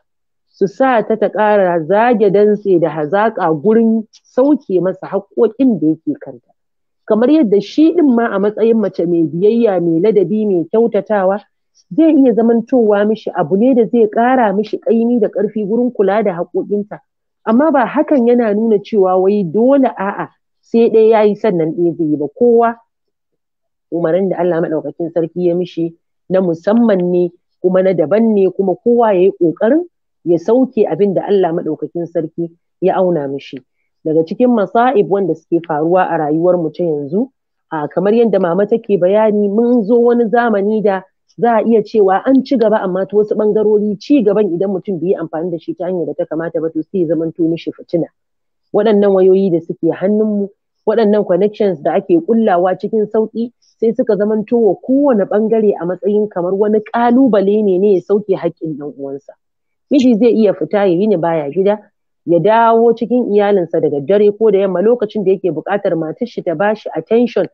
S1: su sa ta ta ƙara zage dantse da hazaƙa gurin sauke masa haƙƙoƙin da yake kanta kamar yadda shi ɗin ma a matsayin mace mai biyayya mai ladabi mai kyautatawa zai iya zamantowa mishi abu ne da zai ƙara mishi ƙaimi da ƙarfi gurin kula da haƙƙoƙinta. amma ba hakan yana nuna cewa wai dole a'a sai ɗaya ya yi sannan ɗaya zai yi ba kowa umarin da Allah maɗaukakin sarki ya mishi na musamman ne kuma na daban ne kuma kowa yayi yi ƙoƙarin ya sauke abin da Allah maɗaukakin sarki ya auna mishi daga cikin masa'ib wanda suke faruwa a rayuwar mu ta yanzu a kamar yadda mama take bayani mun zo wani zamani da za a iya cewa an ci gaba amma ta wasu ɓangarori ci gaban idan mutum bai yi amfani da shi ta hanyar da ta kamata ba to sai zamanto mishi fitina waɗannan wayoyi da suke hannunmu waɗannan connections da ake kullawa cikin sauƙi sai suka zamanto wa kowane ɓangare a matsayin kamar wani ƙalubale ne ne ya sauke haƙƙin ɗan uwansa miji zai iya fita ya yi ni baya gida ya dawo cikin iyalinsa daga dare ko da yamma lokacin da yake buƙatar matar shi ta bashi attention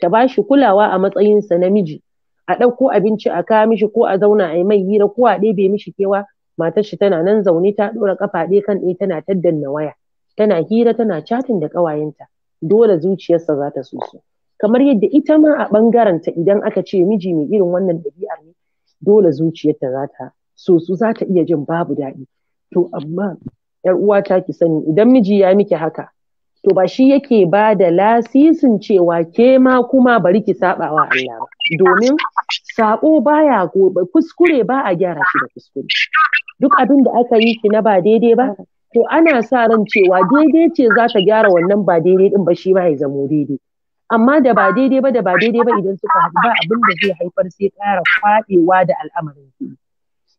S1: ta bashi kulawa a matsayinsa namiji miji a ɗauko abinci a kawo mishi ko a zauna a yi mai hira ko a ɗebe mishi kewa matar shi tana nan zaune ta ɗora kafa ɗaya kan ɗaya tana taddanna waya tana hira tana chatin da ƙawayenta dole zuciyarsa za ta so su kamar yadda ita ma a ɓangaren ta idan aka ce miji mai irin wannan ɗabi'ar ne dole zuciyarta za ta so za ta iya jin babu daɗi to amma yar uwata ki sani idan miji ya miki haka to ba shi yake ba da lasisin cewa ke ma kuma bari ki saɓawa Allah ba domin sako baya gobe kuskure ba a gyara shi da kuskure duk abin da aka yi shi na ba daidai ba to ana sa ran cewa daidai ce za ta gyara wannan ba daidai din ba shi ba ya zamo daidai amma da ba daidai ba da ba daidai ba idan suka haɗu ba abin da zai haifar sai ƙara kwaɗewa da al'amarin ki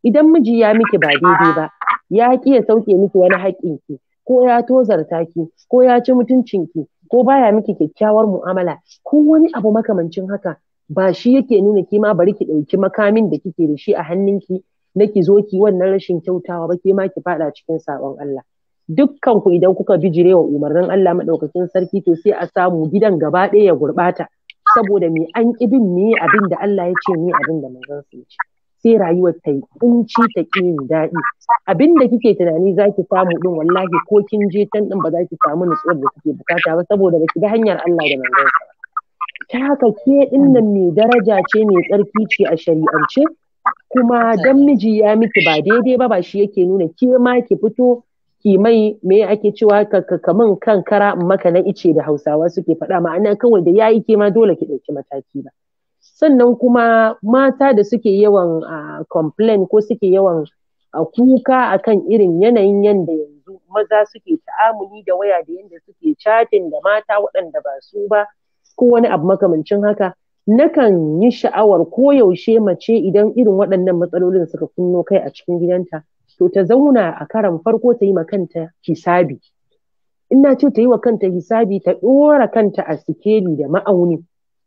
S1: idan miji ya miki ba daidai ba ya ki ya sauke miki wani haƙƙin ki ko ya tozarta ki ko ya ci mutuncin ki ko baya miki kyakkyawar mu'amala ko wani abu makamancin haka ba shi yake nuna kima ma bari ki ɗauki makamin da kike da shi a hannunki na ki zo ki wannan rashin kyautawa ba ke ma ki faɗa cikin sabon Allah dukkan ku idan kuka bijire wa umarnin Allah madaukakin sarki to sai a samu gidan gaba ɗaya ya gurɓata saboda me an ƙi me abin Allah ya ce me abin da manzon sa ya ce sai rayuwar ta yi kunci ta yin daɗi abin da kike tunani zaki samu ɗin wallahi ko kin je tan ɗin ba za ki samu nutsuwar da kike bukata ba saboda ba ki ga hanyar Allah da manzon sa ta haka ke dinnan mai daraja ce mai tsarki ce a shari'ance kuma dan miji ya miki ba daidai ba ba shi yake nuna ke ma ki fito ki mai me ake cewa ka kaman kankara maka na ice da hausawa suke faɗa ma'ana kawai da yayi ke ma dole ki ɗauki mataki ba sannan kuma mata da suke yawan complain ko suke yawan a kuka akan irin yanayin yanda yanzu maza suke ta'amuli da waya da yanda suke chatting da mata waɗanda ba su ba ko wani abu makamancin haka nakan yi sha'awar koyaushe mace idan irin waɗannan matsalolin suka kunno kai a cikin gidanta to ta zauna a karan farko ta yi ma kanta hisabi Ina ce ta yi wa kanta hisabi ta ɗora kanta a sikeli da ma'auni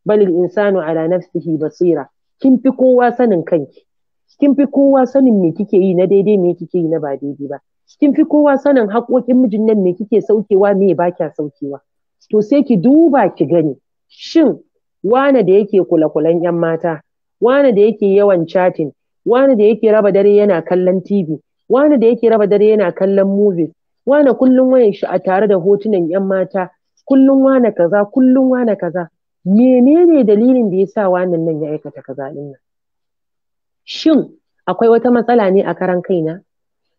S1: balil insanu ala nafsihi basira kin fi kowa sanin kanki kin fi kowa sanin me kike yi na daidai me kike yi na ba daidai ba kin fi kowa sanin haƙoƙin mijin nan me kike saukewa me ba kya saukewa to sai ki duba ki gani shin wane da yake kula-kulan 'yan mata, wane da yake yawan chatting, wane da yake raba dare yana kallon TV, wane da yake raba dare yana kallon movies, wane kullum wayan shi a tare da hotunan 'yan mata, kullum wane kaza, kullum wane kaza. Menene dalilin da ya sa wannan nan ya aikata kaza ɗin nan? Shin akwai wata matsala ne a karan kaina?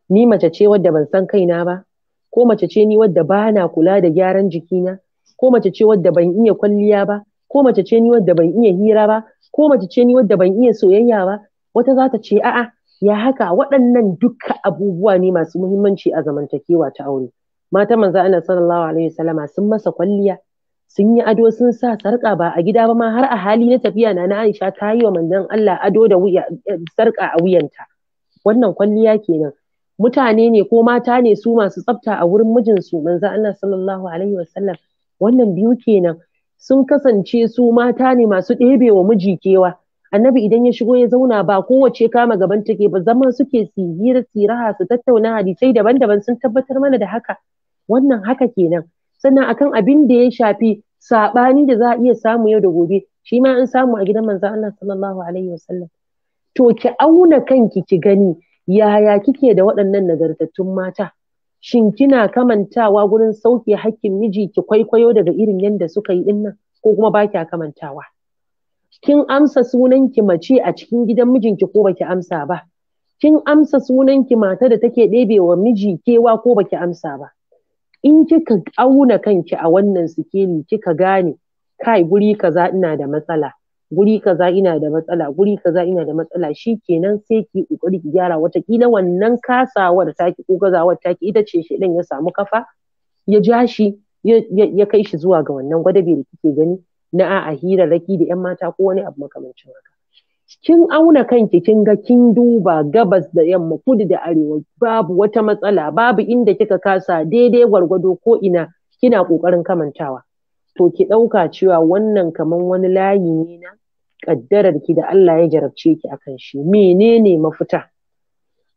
S1: Ni mace ce wadda ban san kaina ba, ko mace ce ni wadda ba na kula da gyaran jikina, ko mace ce wadda ban iya kwalliya ba ko mace ce ni wadda ban iya hira ba ko mace ce ni wadda ban iya soyayya ba wata za ta ce a'a ya haka waɗannan duka abubuwa ne masu muhimmanci a zamantakewa ta aure mata manzo Allah sallallahu alaihi wasallama sun masa kwalliya sun yi ado sun sa sarƙa ba a gida ba ma har a hali na tafiya na na Aisha ta yi wa manzon Allah ado da eh, sarƙa a wuyanta wannan kwalliya kenan mutane ne ko mata ne su masu tsafta a wurin mijinsu manzo Allah sallallahu alaihi wasallam wannan biyu kenan sun kasance su mata ne masu ɗebewa miji kewa annabi idan ya shigo ya zauna ba kowace kama gaban take ba zama suke su hira siraha su tattauna hadisai daban-daban sun tabbatar mana da haka wannan haka kenan sannan akan abin da ya shafi saɓani da za a iya samu yau da gobe shi ma an samu a gidan manzon Allah sallallahu alaihi wasallam to ki auna kanki ki gani yaya kike da waɗannan nagartattun mata shin kina kamantawa gurin sauke hakkin miji ki kwaikwayo daga irin yadda suka yi dinnan ko kuma ba kya kamantawa kin amsa sunan ki mace a cikin gidan mijinki ko baki amsa ba kin amsa sunan ki mata da take ɗebewa miji kewa ko baki amsa ba in kika auna kanki a wannan sikeli kika gane kai guri kaza ina da matsala guri kaza ina da matsala guri kaza ina da matsala shi kenan sai ki kokari ki gyara wata. kila wannan kasawar taki ko gazawar taki ita ce shedan ya samu kafa ya ja shi ya kai shi zuwa ga wannan gwadabe da kike gani na a'a hirarraki da yan mata ko wani abu makamancin haka kin auna kanki kin ga kin duba gabas da yamma kudu da arewa babu wata matsala babu inda kika kasa daidai gwargwado ko ina kina kokarin kamantawa to ki ɗauka cewa wannan kaman wani layi ne na kaddarar ki da Allah ya jarabce ki akan shi menene mafita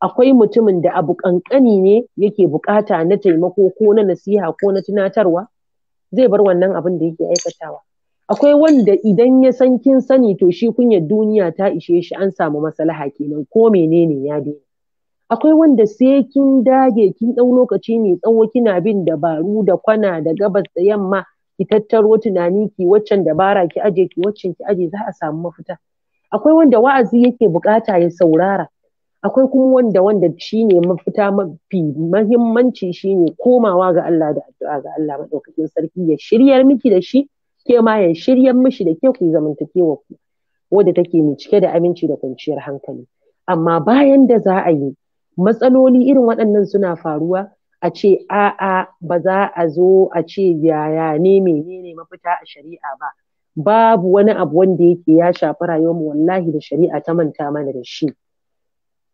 S1: akwai mutumin da abu ƙanƙani ne yake bukata na taimako ko na nasiha ko na tunatarwa zai bar wannan abin da yake aikatawa akwai wanda idan ya san kin sani to shi kunyar duniya ta ishe shi an samu maslaha kenan ko menene ya daina akwai wanda sai kin dage kin ɗau lokaci mai tsawo kina bin dabaru da kwana da gabas da yamma ki tattaro tunani ki waccan dabara ki aje ki waccan ki aje za a samu mafita akwai wanda wa'azi yake bukata ya saurara akwai kuma wanda wanda shine mafita mafi mahimmanci shine komawa ga Allah da addu'a ga Allah madaukakin sarki ya shiryar miki da shi ke ma ya shiryar mishi da ke ku zamantakewa ku wadda take mai cike da aminci da kwanciyar hankali amma bayan da za a yi matsaloli irin waɗannan suna faruwa a ce a'a ba za a zo a ce yaya ne menene mafita a shari'a ba babu wani abu wanda yake ya shafi rayuwar mu wallahi da shari'a ta manta mana da shi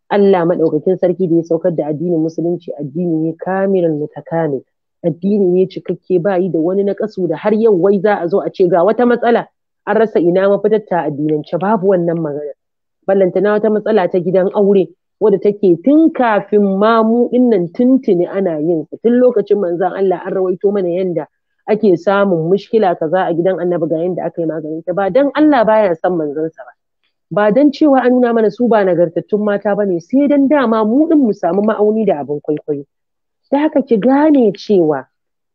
S1: Allah madaukakin sarki da ya saukar da addinin musulunci addini ne kamilan mutakamil addini ne cikakke ba yi da wani nakasu da har yau wai za a zo a ce ga wata matsala an rasa ina mafitar ta addinance babu wannan magana ballantana wata matsala ta gidan aure wadda take tun kafin ma mu dinnan tuntuni ana yin sa tun lokacin manzon Allah an rawaito mana yanda ake samun mushkila kaza a gidan annabi ga yanda aka yi maganin ta ba dan Allah baya san manzon sa ba ba dan cewa an nuna mana su ba nagartattun mata bane sai dan dama mu din mu samu ma'auni da abin kwaikwayo da haka ki gane cewa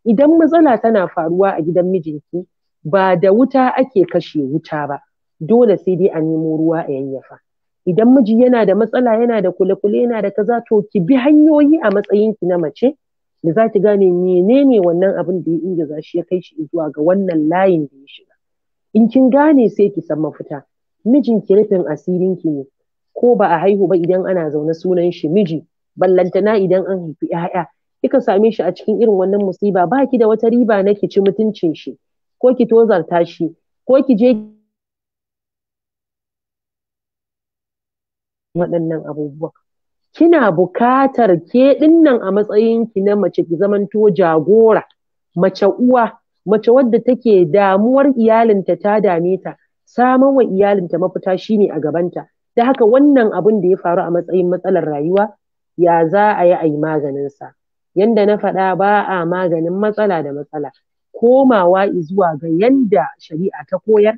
S1: idan matsala tana faruwa a gidan mijinki ba da wuta ake kashe wuta ba dole sai dai a nemo ruwa a yayyafa idan miji yana da matsala yana da kule-kule yana da kaza to ki bi hanyoyi a matsayin ki na mace da za ki gane menene wannan abin da ya ingiza shi ya kai shi zuwa ga wannan layin da ya shiga in kin gane sai ki san mafita mijin ki rufin asirin ki ne ko ba a haihu ba idan ana zaune sunan shi miji ballantana idan an haifi 'ya'ya kika same shi a cikin irin wannan musiba ba ki da wata riba na ki ci mutuncin shi ko ki tozarta shi ko ki je waɗannan abubuwa kina bukatar ke nan a ki na mace ki zamanto jagora mace uwa mace wadda take damuwar iyalinta ta dame ta samar wa iyalinta mafita shine a gabanta da haka wannan abun da ya faru a matsayin matsalar rayuwa ya za a yi ayi maganin sa? yanda na faɗa ba a maganin matsala da matsala komawa izuwa ga yanda shari'a ta koyar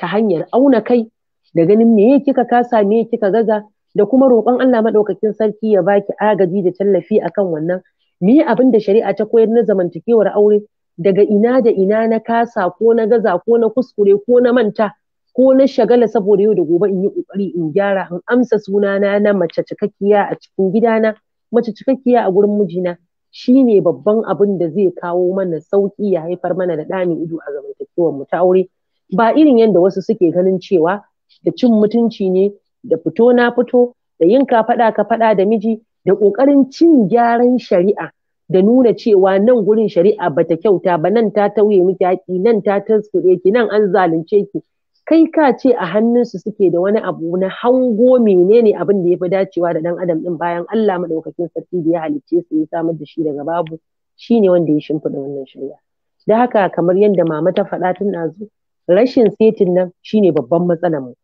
S1: ta hanyar auna kai da ganin meye kika kasa meye kika gaza da kuma roƙon Allah maɗaukakin sarki ya baki agaji da tallafi akan wannan mi abin da shari'a ta koyar na zamantakewar aure daga ina da ina na kasa ko na gaza ko na kuskure ko na manta ko na shagala saboda yau da gobe in yi kokari in gyara in amsa sunana na mace cikakkiya a cikin gidana mace cikakkiya a gurin mijina shine babban abin da zai kawo mana sauki ya haifar mana da ɗamin ido a zamantakewar mu ta aure ba irin yadda wasu suke ganin cewa da cin mutunci ne da fito na fito da yin ka faɗa ka faɗa da miji da ƙoƙarin cin gyaran shari'a da nuna cewa nan gurin shari'a bata kyauta ba nan ta tauye miki haƙi nan ta taskure ki nan an zalunce ki kai ka ce a hannunsu suke da wani abu na hango menene abin da ya fi dacewa da ɗan adam ɗin bayan Allah maɗaukakin sarki da ya halicce su ya samar da shi daga babu shine wanda ya shimfiɗa wannan shari'a da haka kamar yadda mama ta faɗa tun rashin setin nan shine babban matsalar mu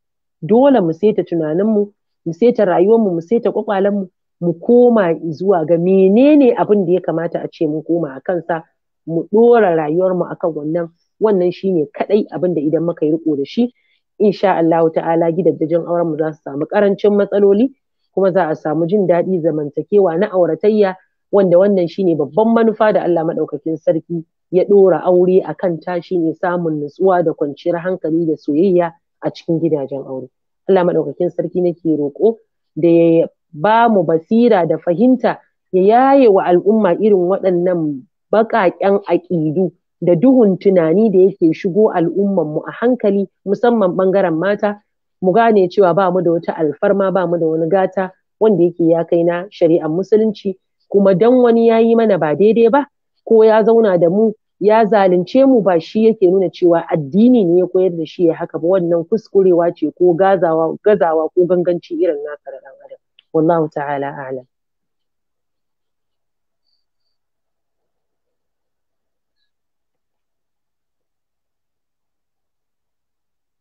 S1: dole mu saita tunaninmu mu seta rayuwar mu seta kwakwalenmu mu koma zuwa ga menene abin da ya kamata a ce mu koma a kansa mu ɗora rayuwarmu akan wannan wannan shine kaɗai abin da idan muka yi riko da shi insha Allahu ta'ala gidajen auren mu za su samu karancin matsaloli kuma za a samu jin daɗi zamantakewa na auratayya wanda wannan shine babban manufa da Allah maɗaukakin sarki ya ɗora aure akan kan tashi ne samun nutsuwa da kwanciyar hankali da soyayya a cikin gidajen aure Allah maɗaukakin sarki nake roƙo da ya ba mu basira da fahimta ya yaye wa al'umma irin waɗannan baƙaƙen aƙidu da duhun tunani da yake shigo al'umman mu a hankali musamman ɓangaren mata mu gane cewa ba mu da wata alfarma ba mu da wani gata wanda yake ya kai na shari'ar musulunci kuma dan wani ya yi mana ba daidai ba ko ya zauna da mu ya zalunce mu ba shi yake nuna cewa addini ne ya koyar da shi ya haka ba wannan kuskurewa ce ko gazawa gazawa ko ganganci irin naka da dan adam wallahu ta'ala a'lam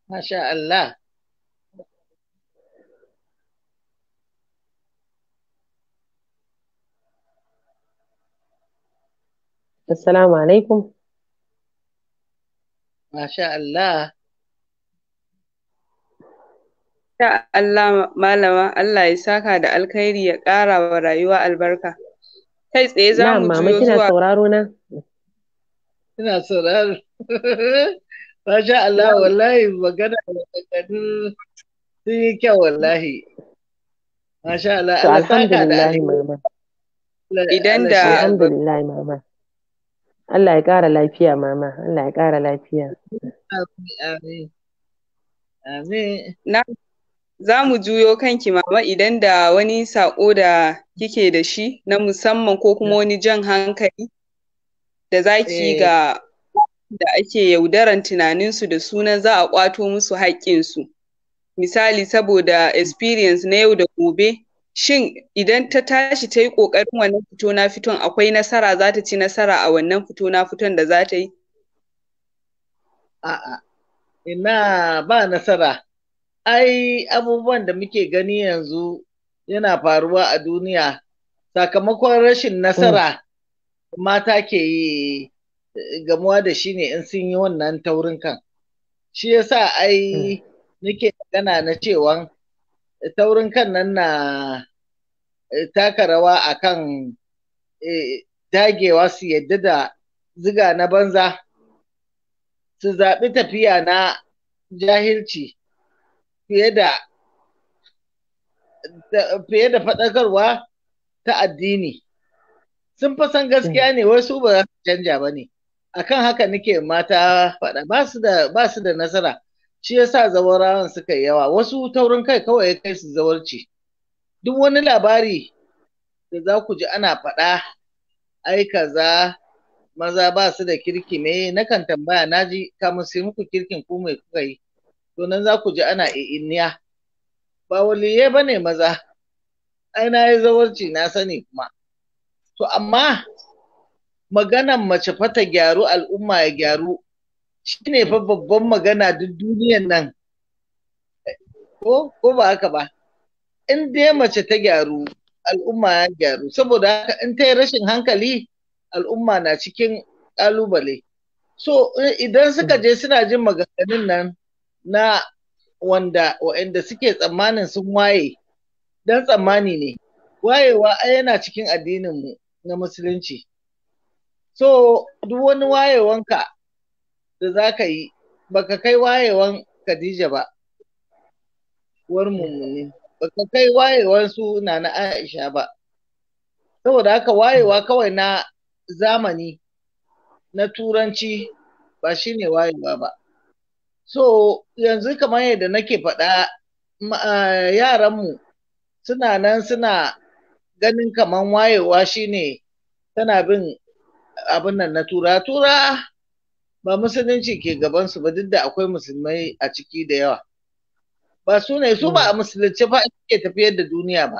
S3: Masha Allah Assalamu alaikum. Masha Allah.
S2: Allah ya saka da alkhairi ya ƙara wa rayuwa albarka. Kai mama kina sauraro na? *laughs* Masha Allah wallahi magana da
S3: maganganu sun yi kyau wallahi. Idan da.
S1: Alhamdulillah mama. Allah ya ƙara lafiya mama Allah ya ƙara lafiya
S2: za mu juyo kanki mama idan da wani saƙo da kike da shi na musamman ko kuma wani jan hankali da za ki eh. ga da ake yaudaran tunaninsu da sunan za a kwato musu haƙƙinsu misali saboda experience na yau da gobe shin idan ta tashi ta yi ƙoƙarin wannan fito na fiton akwai nasara za ta ci nasara a wannan fito na fiton da za ta yi? A'a, ina ba
S3: nasara. Ai, abubuwan da muke gani yanzu yana faruwa a duniya sakamakon rashin nasara mata ke yi gamuwa da shi ne in sun yi wannan taurin kan. Shi yasa ai hmm. nake magana na cewan taurin kan nan na eh, taka rawa a kan eh, dagewa su yadda da ziga na banza su zaɓi tafiya na jahilci fiye da fiye da faɗakarwa ta addini sun san gaskiya ne wai su ba za su canja ba ne akan haka nake mata faɗa ba su da nasara shi sa zawarawan suka yi yawa wasu taurin kai kawai ya kai su zawarci duk wani labari da za ku ji ana faɗa ai kaza maza ba su da kirki me kan tambaya na naji kamun sai muku kirkin ku mai kuka yi to nan za ku ji ana i'iniya ba waliye ba ne maza ai na yi zawarci na sani kuma to amma maganan mace fata gyaru al'umma ya gyaru shine fa babban magana duk duniyan nan ko ko ba haka ba in dai mace ta gyaru al'umma ya gyaru saboda haka in ta yi rashin hankali al'umma na cikin ƙalubale so idan suka je suna jin maganganun nan na wanda suke tsammanin sun waye dan tsammani ne wayewa ai yana cikin addininmu na musulunci so duk wani wayewanka da za ka yi baka kai wayewan Khadija ba war mummuni baka kai wayewan su na Aisha ba saboda haka wayewa kawai na zamani na turanci ba shi ne wayewa ba so yanzu kamar yadda nake faɗa yaranmu suna nan suna ganin kamar wayewa shi ne, tana bin abin nan na tura tura ba musulunci ke gabansu ba duk da akwai musulmai a ciki da yawa ba su ne su ba a hmm. musulunci fa ke tafiyar da duniya ba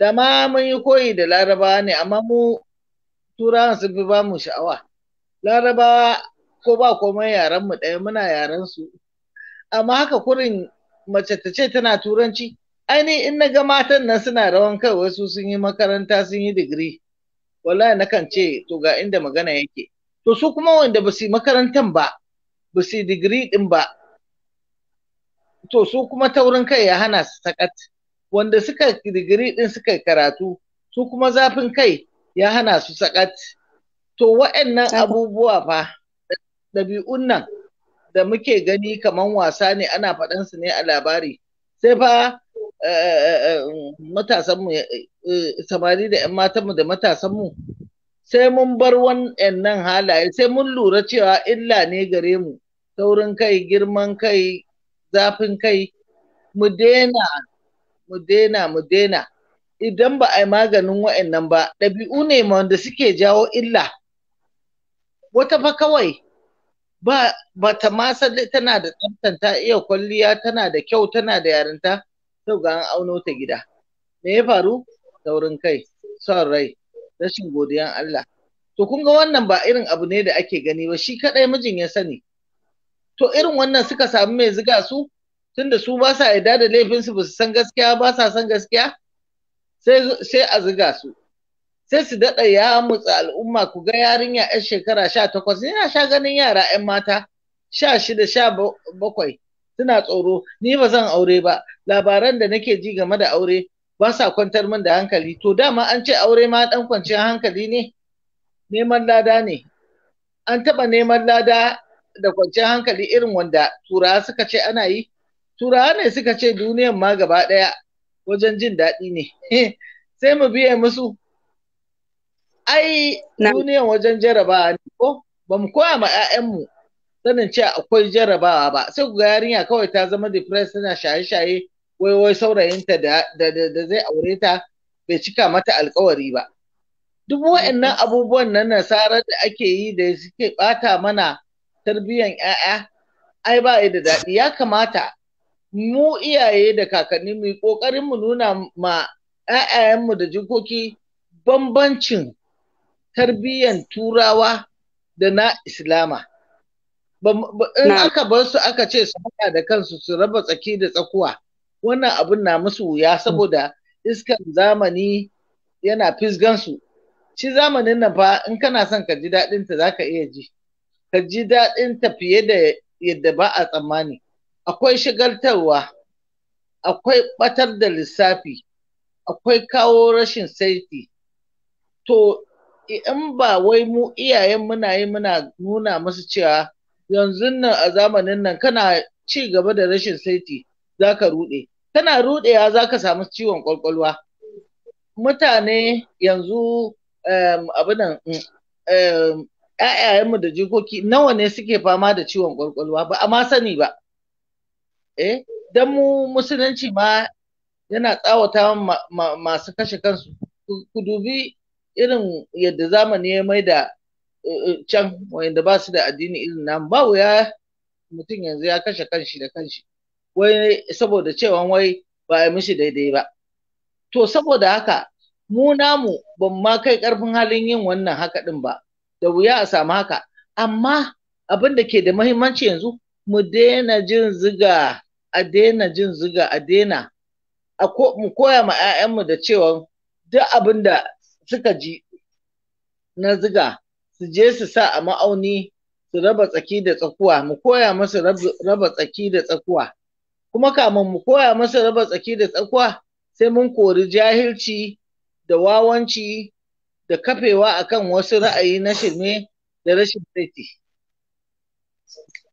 S3: da ma mun yi koyi da larabawa ne amma mu turawan sun fi ba mu sha'awa larabawa ko ba komai yaran mu ɗaya muna yaran su amma haka kurin mace ta ce tana turanci ainihin in na ga matan nan suna rawan kai wasu sun yi makaranta sun yi digiri wallahi kan ce to ga inda magana yake to su kuma wanda ba su yi makarantan ba ba su yi digiri din ba to su kuma taurin kai ya hana su sakat wanda suka digiri din suka karatu su kuma zafin kai ya hana su sakat to wa'annan abubuwa fa ɗabi'un nan da muke gani kaman wasa ne ana faɗansu ne a labari sai fa eh, eh, eh, matasanmu samari da 'yan matanmu da matasanmu sai mun bar wannan halaye sai mun lura cewa illa ne gare mu saurin kai girman kai zafin kai mu dena mu dena mu dena idan ba a yi maganin wa'annan ba ɗabi'u ne ma wanda suke jawo illa wata fa kawai ba ba ta masa tana da tantanta iya kwalliya tana da kyau tana da yarinta to ga an auno ta gida me ya faru saurin kai son rai rashin godiyan Allah to kun ga wannan ba irin abu ne da ake gani ba shi kadai mijin ya sani to irin wannan suka samu mai ziga su tunda su ba sa yarda da laifin su su san gaskiya ba sa san gaskiya sai sai a ziga su sai su dada ya mutsa al'umma ku ga yarinya yar shekara 18 yana sha ganin yara yan mata 16 17 suna tsoro ni ba zan aure ba labaran da nake ji game da aure ba sa kwantar min da hankali to dama an ce aure ma dan kwanciyar hankali ne neman lada ne an taba neman lada da kwanciyar hankali irin wanda turawa suka ce ana yi turawa ne suka ce duniyan ma gaba daya wajen jin daɗi ne *laughs* sai mu biye musu ai duniyan wajen jarabawa ne ko ba mu koya ma 'ya'yanmu sanin cewa akwai jarabawa ba sai ku ga yarinya kawai ta zama depressed tana shaye-shaye wai wai saurayinta da da zai aure ta bai cika mata alkawari ba duk wa'annan abubuwan na nasarar da ake yi da suke bata mana tarbiyyan 'ya'ya ai ba da daɗi ya kamata mu iyaye da kakanni mu ƙoƙarin mu nuna ma 'ya'yayenmu da jikoki bambancin tarbiyyan turawa da na islama in aka bar su aka ce su haɗa da kansu su raba tsaki da tsakuwa wannan abun na musu wuya mm. saboda iskan zamani yana fisgan su. shi zamanin nan fa in kana son ka ji ta za ka iya ji ka ji ta fiye da yadda ba a tsammani akwai shigartarwa akwai ɓatar da lissafi akwai kawo rashin saiti to in ba wai mu iyayen muna yi muna nuna musu cewa yanzu nan a zamanin nan kana ci gaba da rashin saiti za ka ruɗe kana rudewa za ka samu ciwon kwakwalwa mutane yanzu abin abinan um, mu da jikoki nawa ne suke fama da ciwon kwakwalwa ba a ma sani ba eh dan mu musulunci ma yana tsawata masu kashe kansu ku dubi irin yadda zamani ya mai da e, e, can wanda ba su da addini irin nan ba wuya mutum yanzu ya kashe kanshi da kanshi wai saboda cewa wai ba a mishi daidai ba to saboda haka mu namu ban ma kai karfin halin yin wannan haka ɗin ba da wuya a samu haka amma abin da ke da mahimmanci yanzu mu daina jin ziga a daina jin ziga a daina mu koya ma 'ya'yanmu da cewa duk abin da suka ji na ziga su je su sa a ma'auni su raba tsaki da tsakuwa mu koya musu raba tsaki da tsakuwa kuma kamin mu koya masa raba tsaki da tsakuwa sai mun kori jahilci da wawanci da kafewa akan wasu ra'ayi na shirme da
S2: rashin saiti.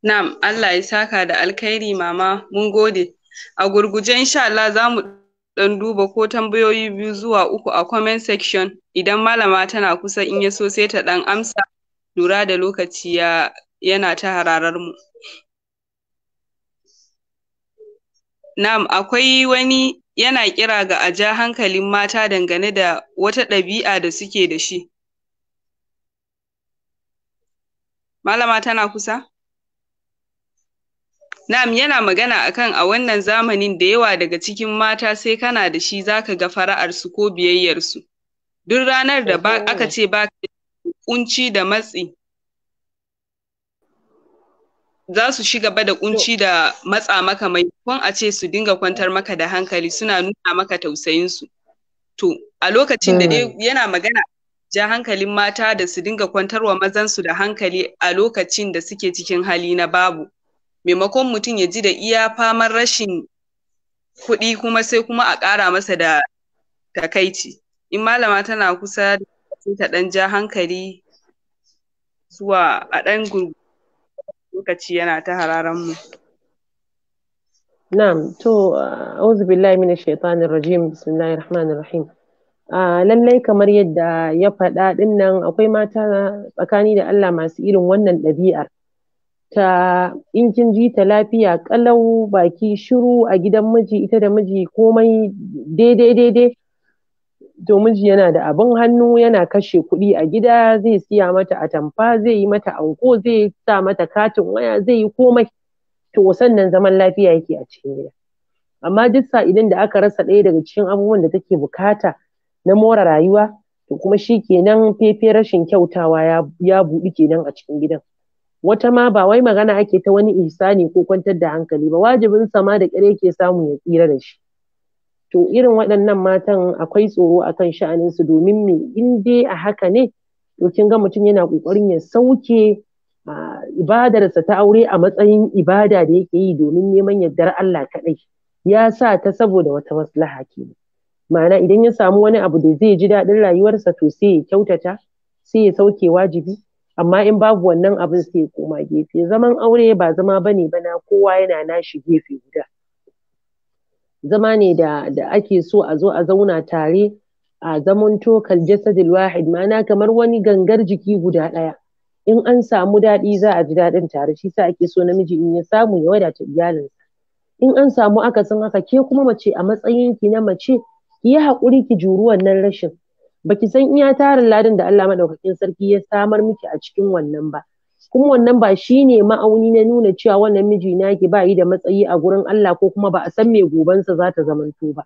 S2: Na'am, Allah ya saka da alkhairi mama, mun gode. A gurguje insha Allah za mu dan duba ko tambayoyi biyu zuwa uku a comment section idan malama tana kusa in ya so sai ta dan amsa lura da lokaci ya yana ta hararar mu. Na'am, akwai wani yana kira ga a ja hankalin mata dangane da wata ɗabi'a da suke da shi. Malama tana kusa? Na'am, yana magana akan a wannan zamanin da yawa daga cikin mata sai kana da shi zaka ga fara'arsu ko biyayyarsu. Duk ranar da aka ce ba kunci da matsi za su ci gaba da kunci da matsa maka mai. Kun a ce su dinga kwantar maka da hankali suna nuna maka tausayinsu. To, a lokacin da hmm. yana magana ja hankalin mata da su dinga kwantarwa mazansu da hankali a lokacin da suke cikin hali na babu. Maimakon mutum ya ji da iya faman rashin kuɗi kuma sai kuma a ƙara masa da takaici. In malama tana kusa da ta ɗan ja hankali zuwa a ɗan gurgu lokaci yana ta hararan mu
S1: na'am to uh, auzu billahi mina shaitanir rajim bismillahir rahmanir rahim uh, lallai kamar yadda ya faɗa nan, akwai mata tsakani da Allah masu irin wannan ɗabi'ar ta in kin ji ta lafiya ƙalau baki shiru a gidan miji ita da miji komai daidai daidai to miji yana da abin hannu yana kashe kuɗi a gida zai siya mata atamfa zai yi mata anko zai sa mata katin waya zai yi komai to sannan zaman lafiya yake a cikin gida amma duk sa idan da aka rasa ɗaya daga cikin abubuwan da take bukata na more rayuwa to kuma shi kenan fefe rashin kyautawa ya, ya buɗi kenan a cikin gidan wata ma ba wai magana ake ta wani ihsani ko kwantar da hankali ba wajibin sama da ƙyar ke samu ya tsira da shi to irin waɗannan matan akwai tsoro akan sha'anin su domin me in dai a haka ne to kin ga mutum yana ƙoƙarin ya sauke ibadarsa ta aure a matsayin ibada da yake yi domin neman yardar Allah kaɗai ya sa ta saboda wata maslaha ke ma'ana idan ya samu wani abu da zai ji daɗin rayuwarsa to sai ya kyautata sai ya sauke wajibi amma in babu wannan abin sai ya koma gefe zaman aure ba zama bane bana kowa yana nashi gefe guda zama ne da da ake so a zo a zauna tare a zaman kal jasadil wahid ma'ana kamar wani gangar jiki guda ɗaya in an samu daɗi za a ji daɗin tare shi sa ake so namiji in ya samu ya wadata iyalinsa in an samu akasin haka ke kuma mace a matsayin ki na mace ki yi haƙuri ki juru wannan rashin baki san iya tarin Ladin da Allah madaukakin sarki ya samar miki a cikin wannan ba kuma wannan ba shi ne ma'auni na nuna cewa wannan miji naki ba yi da matsayi a gurin Allah ko kuma ba a san me gobansa za ta zamanto ba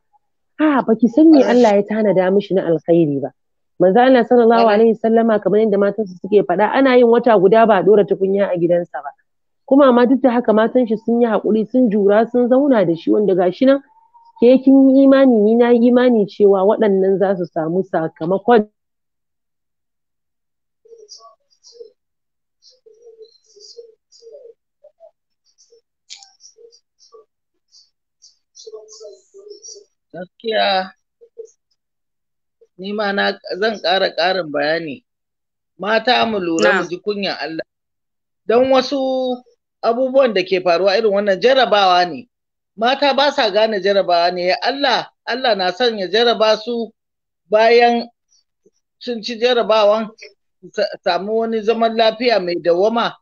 S1: a baki san me Allah ya tanada mishi na alkhairi ba manzo Allah sallallahu alaihi sallama kamar yadda matansa suke faɗa ana yin wata guda ba dora tukunya a gidansa ba kuma ma duk da haka matan shi sun yi haƙuri sun jura sun zauna da shi wanda gashi nan ke kin yi imani ni na imani cewa waɗannan za su samu sakamakon
S3: Gaskiya ni ma na zan ƙara ƙarin bayani. Mata mu lura mu ji kunyan Allah. Don wasu abubuwan da ke faruwa irin wannan jarabawa ne. Mata ba sa gane jarabawa ne, Allah, Allah na son ya jaraba su bayan sun ci jarabawan samu wani zaman lafiya mai dawama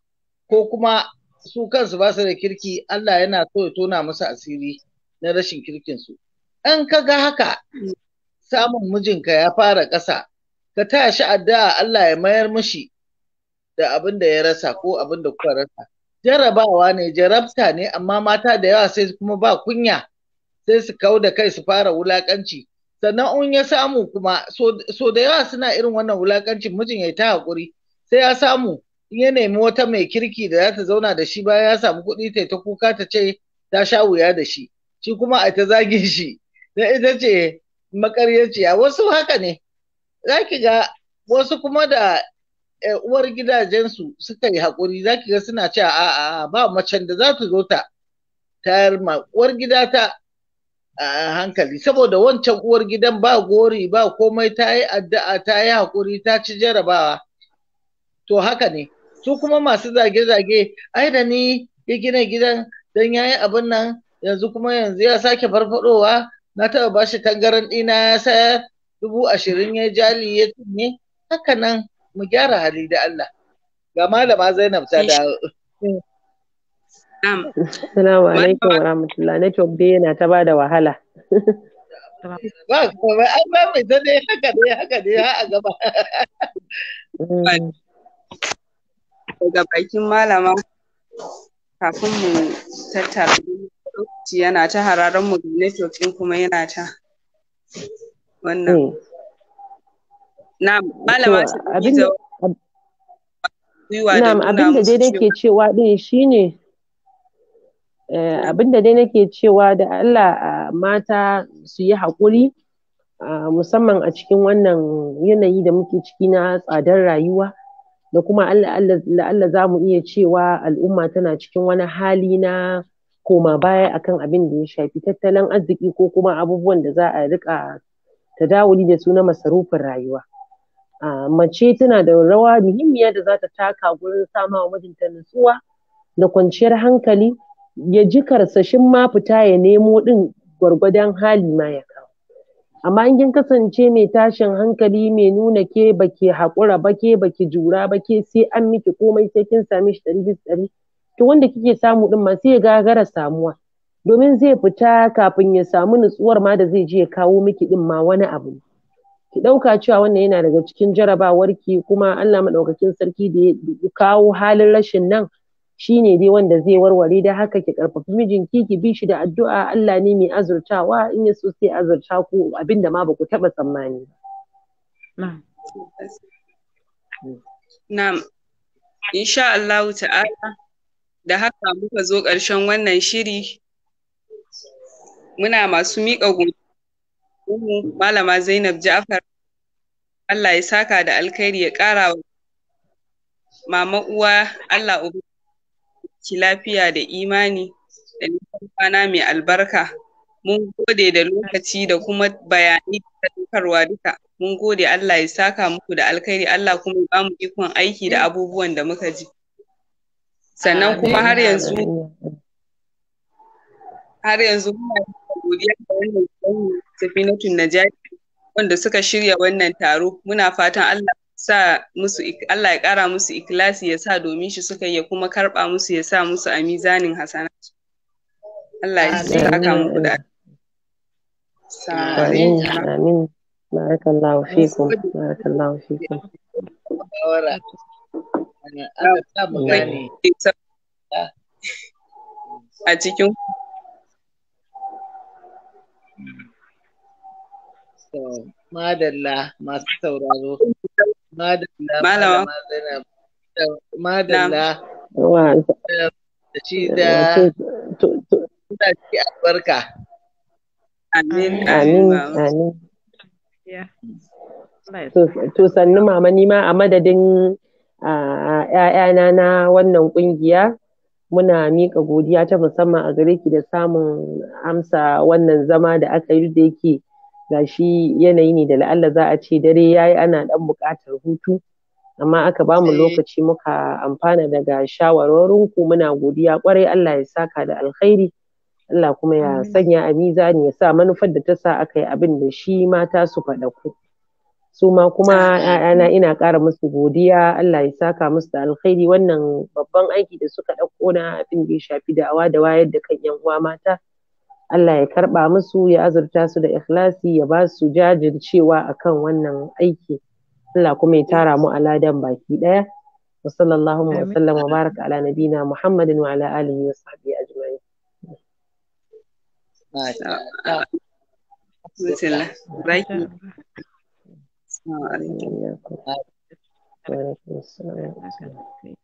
S3: ko kuma su kansu ba su da kirki Allah yana so ya tona musu asiri na rashin kirkinsu. in ka ga haka samun mijinka ya fara ƙasa ka taya shi addu'a Allah ya mayar mishi da abin da ya rasa ko abin da kuka rasa jarabawa ne jarabta ne amma mata da yawa sai kuma ba kunya sai su kau da kai su fara wulakanci sannan in ya samu kuma so da yawa suna irin wannan wulakancin mijin ya ta haƙuri sai ya samu in ya nemi wata mai kirki da za ta zauna da shi bayan ya samu kuɗi ta ta kuka ta ce ta sha wuya da shi shi kuma a ta zagin shi da ita ce makaryaciya wasu haka ne za ki ga wasu kuma da eh, uwar gidajensu suka yi haƙuri za ki ga suna cewa a ba macen da za ta zo ta tayar ma uwar gida ta a hankali saboda wancan uwar gidan ba gori ba komai ta yi addu'a ta yi haƙuri ta ci jarabawa to haka ne su kuma masu zage-zage ai da ni ya gina gidan don ya yi abin nan yanzu kuma yanzu ya sake farfadowa na taɓa ba shi tangaran ɗina ya sa dubu ashirin ya jali ya cinye haka nan mu gyara hali da Allah ga malama Zainab ta da
S1: Assalamu alaikum wa rahmatullah network dai yana ta bada wahala
S3: ba kuma ai ba mai ta dai haka dai haka dai a gaba
S2: daga bakin malama kafin mu tattara lokaci yana ta hararen mu network din kuma yana ta wannan na malama Na'am abin da dai nake
S1: cewa din shine eh, abin da dai nake cewa da Allah mata su yi haƙuri musamman a cikin wannan yanayi da muke ciki na tsadar rayuwa da kuma Allah Allah za mu iya cewa al'umma tana cikin wani hali na koma baya akan abin da ya shafi tattalin arziki ko kuma abubuwan da za a rika tadawuli da su na masarufin rayuwa mace tana da rawa muhimmiya da za ta taka gurin sama wa mijinta nutsuwa da kwanciyar hankali ya ji karsashin ma fita ya nemo din gwargwadon hali ma ya kawo amma in kin kasance mai tashin hankali mai nuna ke baki haƙura ba ke baki jura ba ke sai an miki komai sai kin sami shi ɗari ɗari to wanda kike samu din ma sai ya gagara samuwa domin zai fita kafin ya samu nutsuwar ma da zai je ya kawo miki din ma wani abu ki ɗauka cewa wannan yana daga cikin jarabawar ki kuma Allah maɗaukakin sarki da ya kawo halin rashin nan shine dai wanda zai warware da haka ki karfafi mijinki ki bi shi da addu'a Allah ne mai azurtawa in ya so sai azurta ku abinda ma baku taba tsammani
S2: ba. Na'am. Insha Allah ta'ala da haka muka zo ƙarshen wannan shiri muna masu miƙa gudu malama zainab ja'far allah ya saka da alkhairi ya ƙara wa mama uwa allah uba ki lafiya da imani da nisan kwana mai albarka mun gode da lokaci da kuma bayani da dukarwa duka mun gode allah ya saka muku da alkhairi allah kuma ba mu ikon aiki da abubuwan da muka ji sannan ah, kuma har yanzu har yanzu muna godiya wannan safinatun najati wanda suka shirya wannan taro muna fatan Allah sa musu Allah ya kara musu ikilasi ya sa domin shi suka ya kuma karba musu ya sa musu a mizanin hasana Allah ya saka muku da amin amin barakallahu
S1: fikum barakallahu fikum
S2: a cikin
S3: madalla masu sauraro madalla madalla madalla da shi da da shi albarka amin amin amin
S1: to sannu mama ma a madadin ‘ya'yana na wannan ƙungiya muna miƙa godiya ta musamman a gare ki da samun amsa wannan zama da aka yi da yake ga shi yanayi ne da la'alla za a ce dare ya yi ana ɗan buƙatar hutu amma aka bamu eh. lokaci muka amfana daga shawarwarinku. muna godiya ƙwarai Allah ya saka da alkhairi Allah kuma ya sanya a mizani ya sa manufar da ta sa aka yi abin da shi mata su faɗa ku. su ma kuma ‘ya'yana ina ƙara musu godiya Allah ya saka musu da alkhairi wannan babban aiki da suka ɗauko na abin da ya shafi da'awa da wayar da kan yan uwa mata Allah ya karɓa musu ya azurta su da ikhlasi ya ba su jajircewa akan wannan aiki Allah kuma ya tara mu a ladan baki ɗaya wa sallallahu wa sallam wa baraka ala nabina Muhammadin wa ala alihi wa sahbihi ajma'in Masha Allah. Hallelujah. Hallelujah. Hallelujah.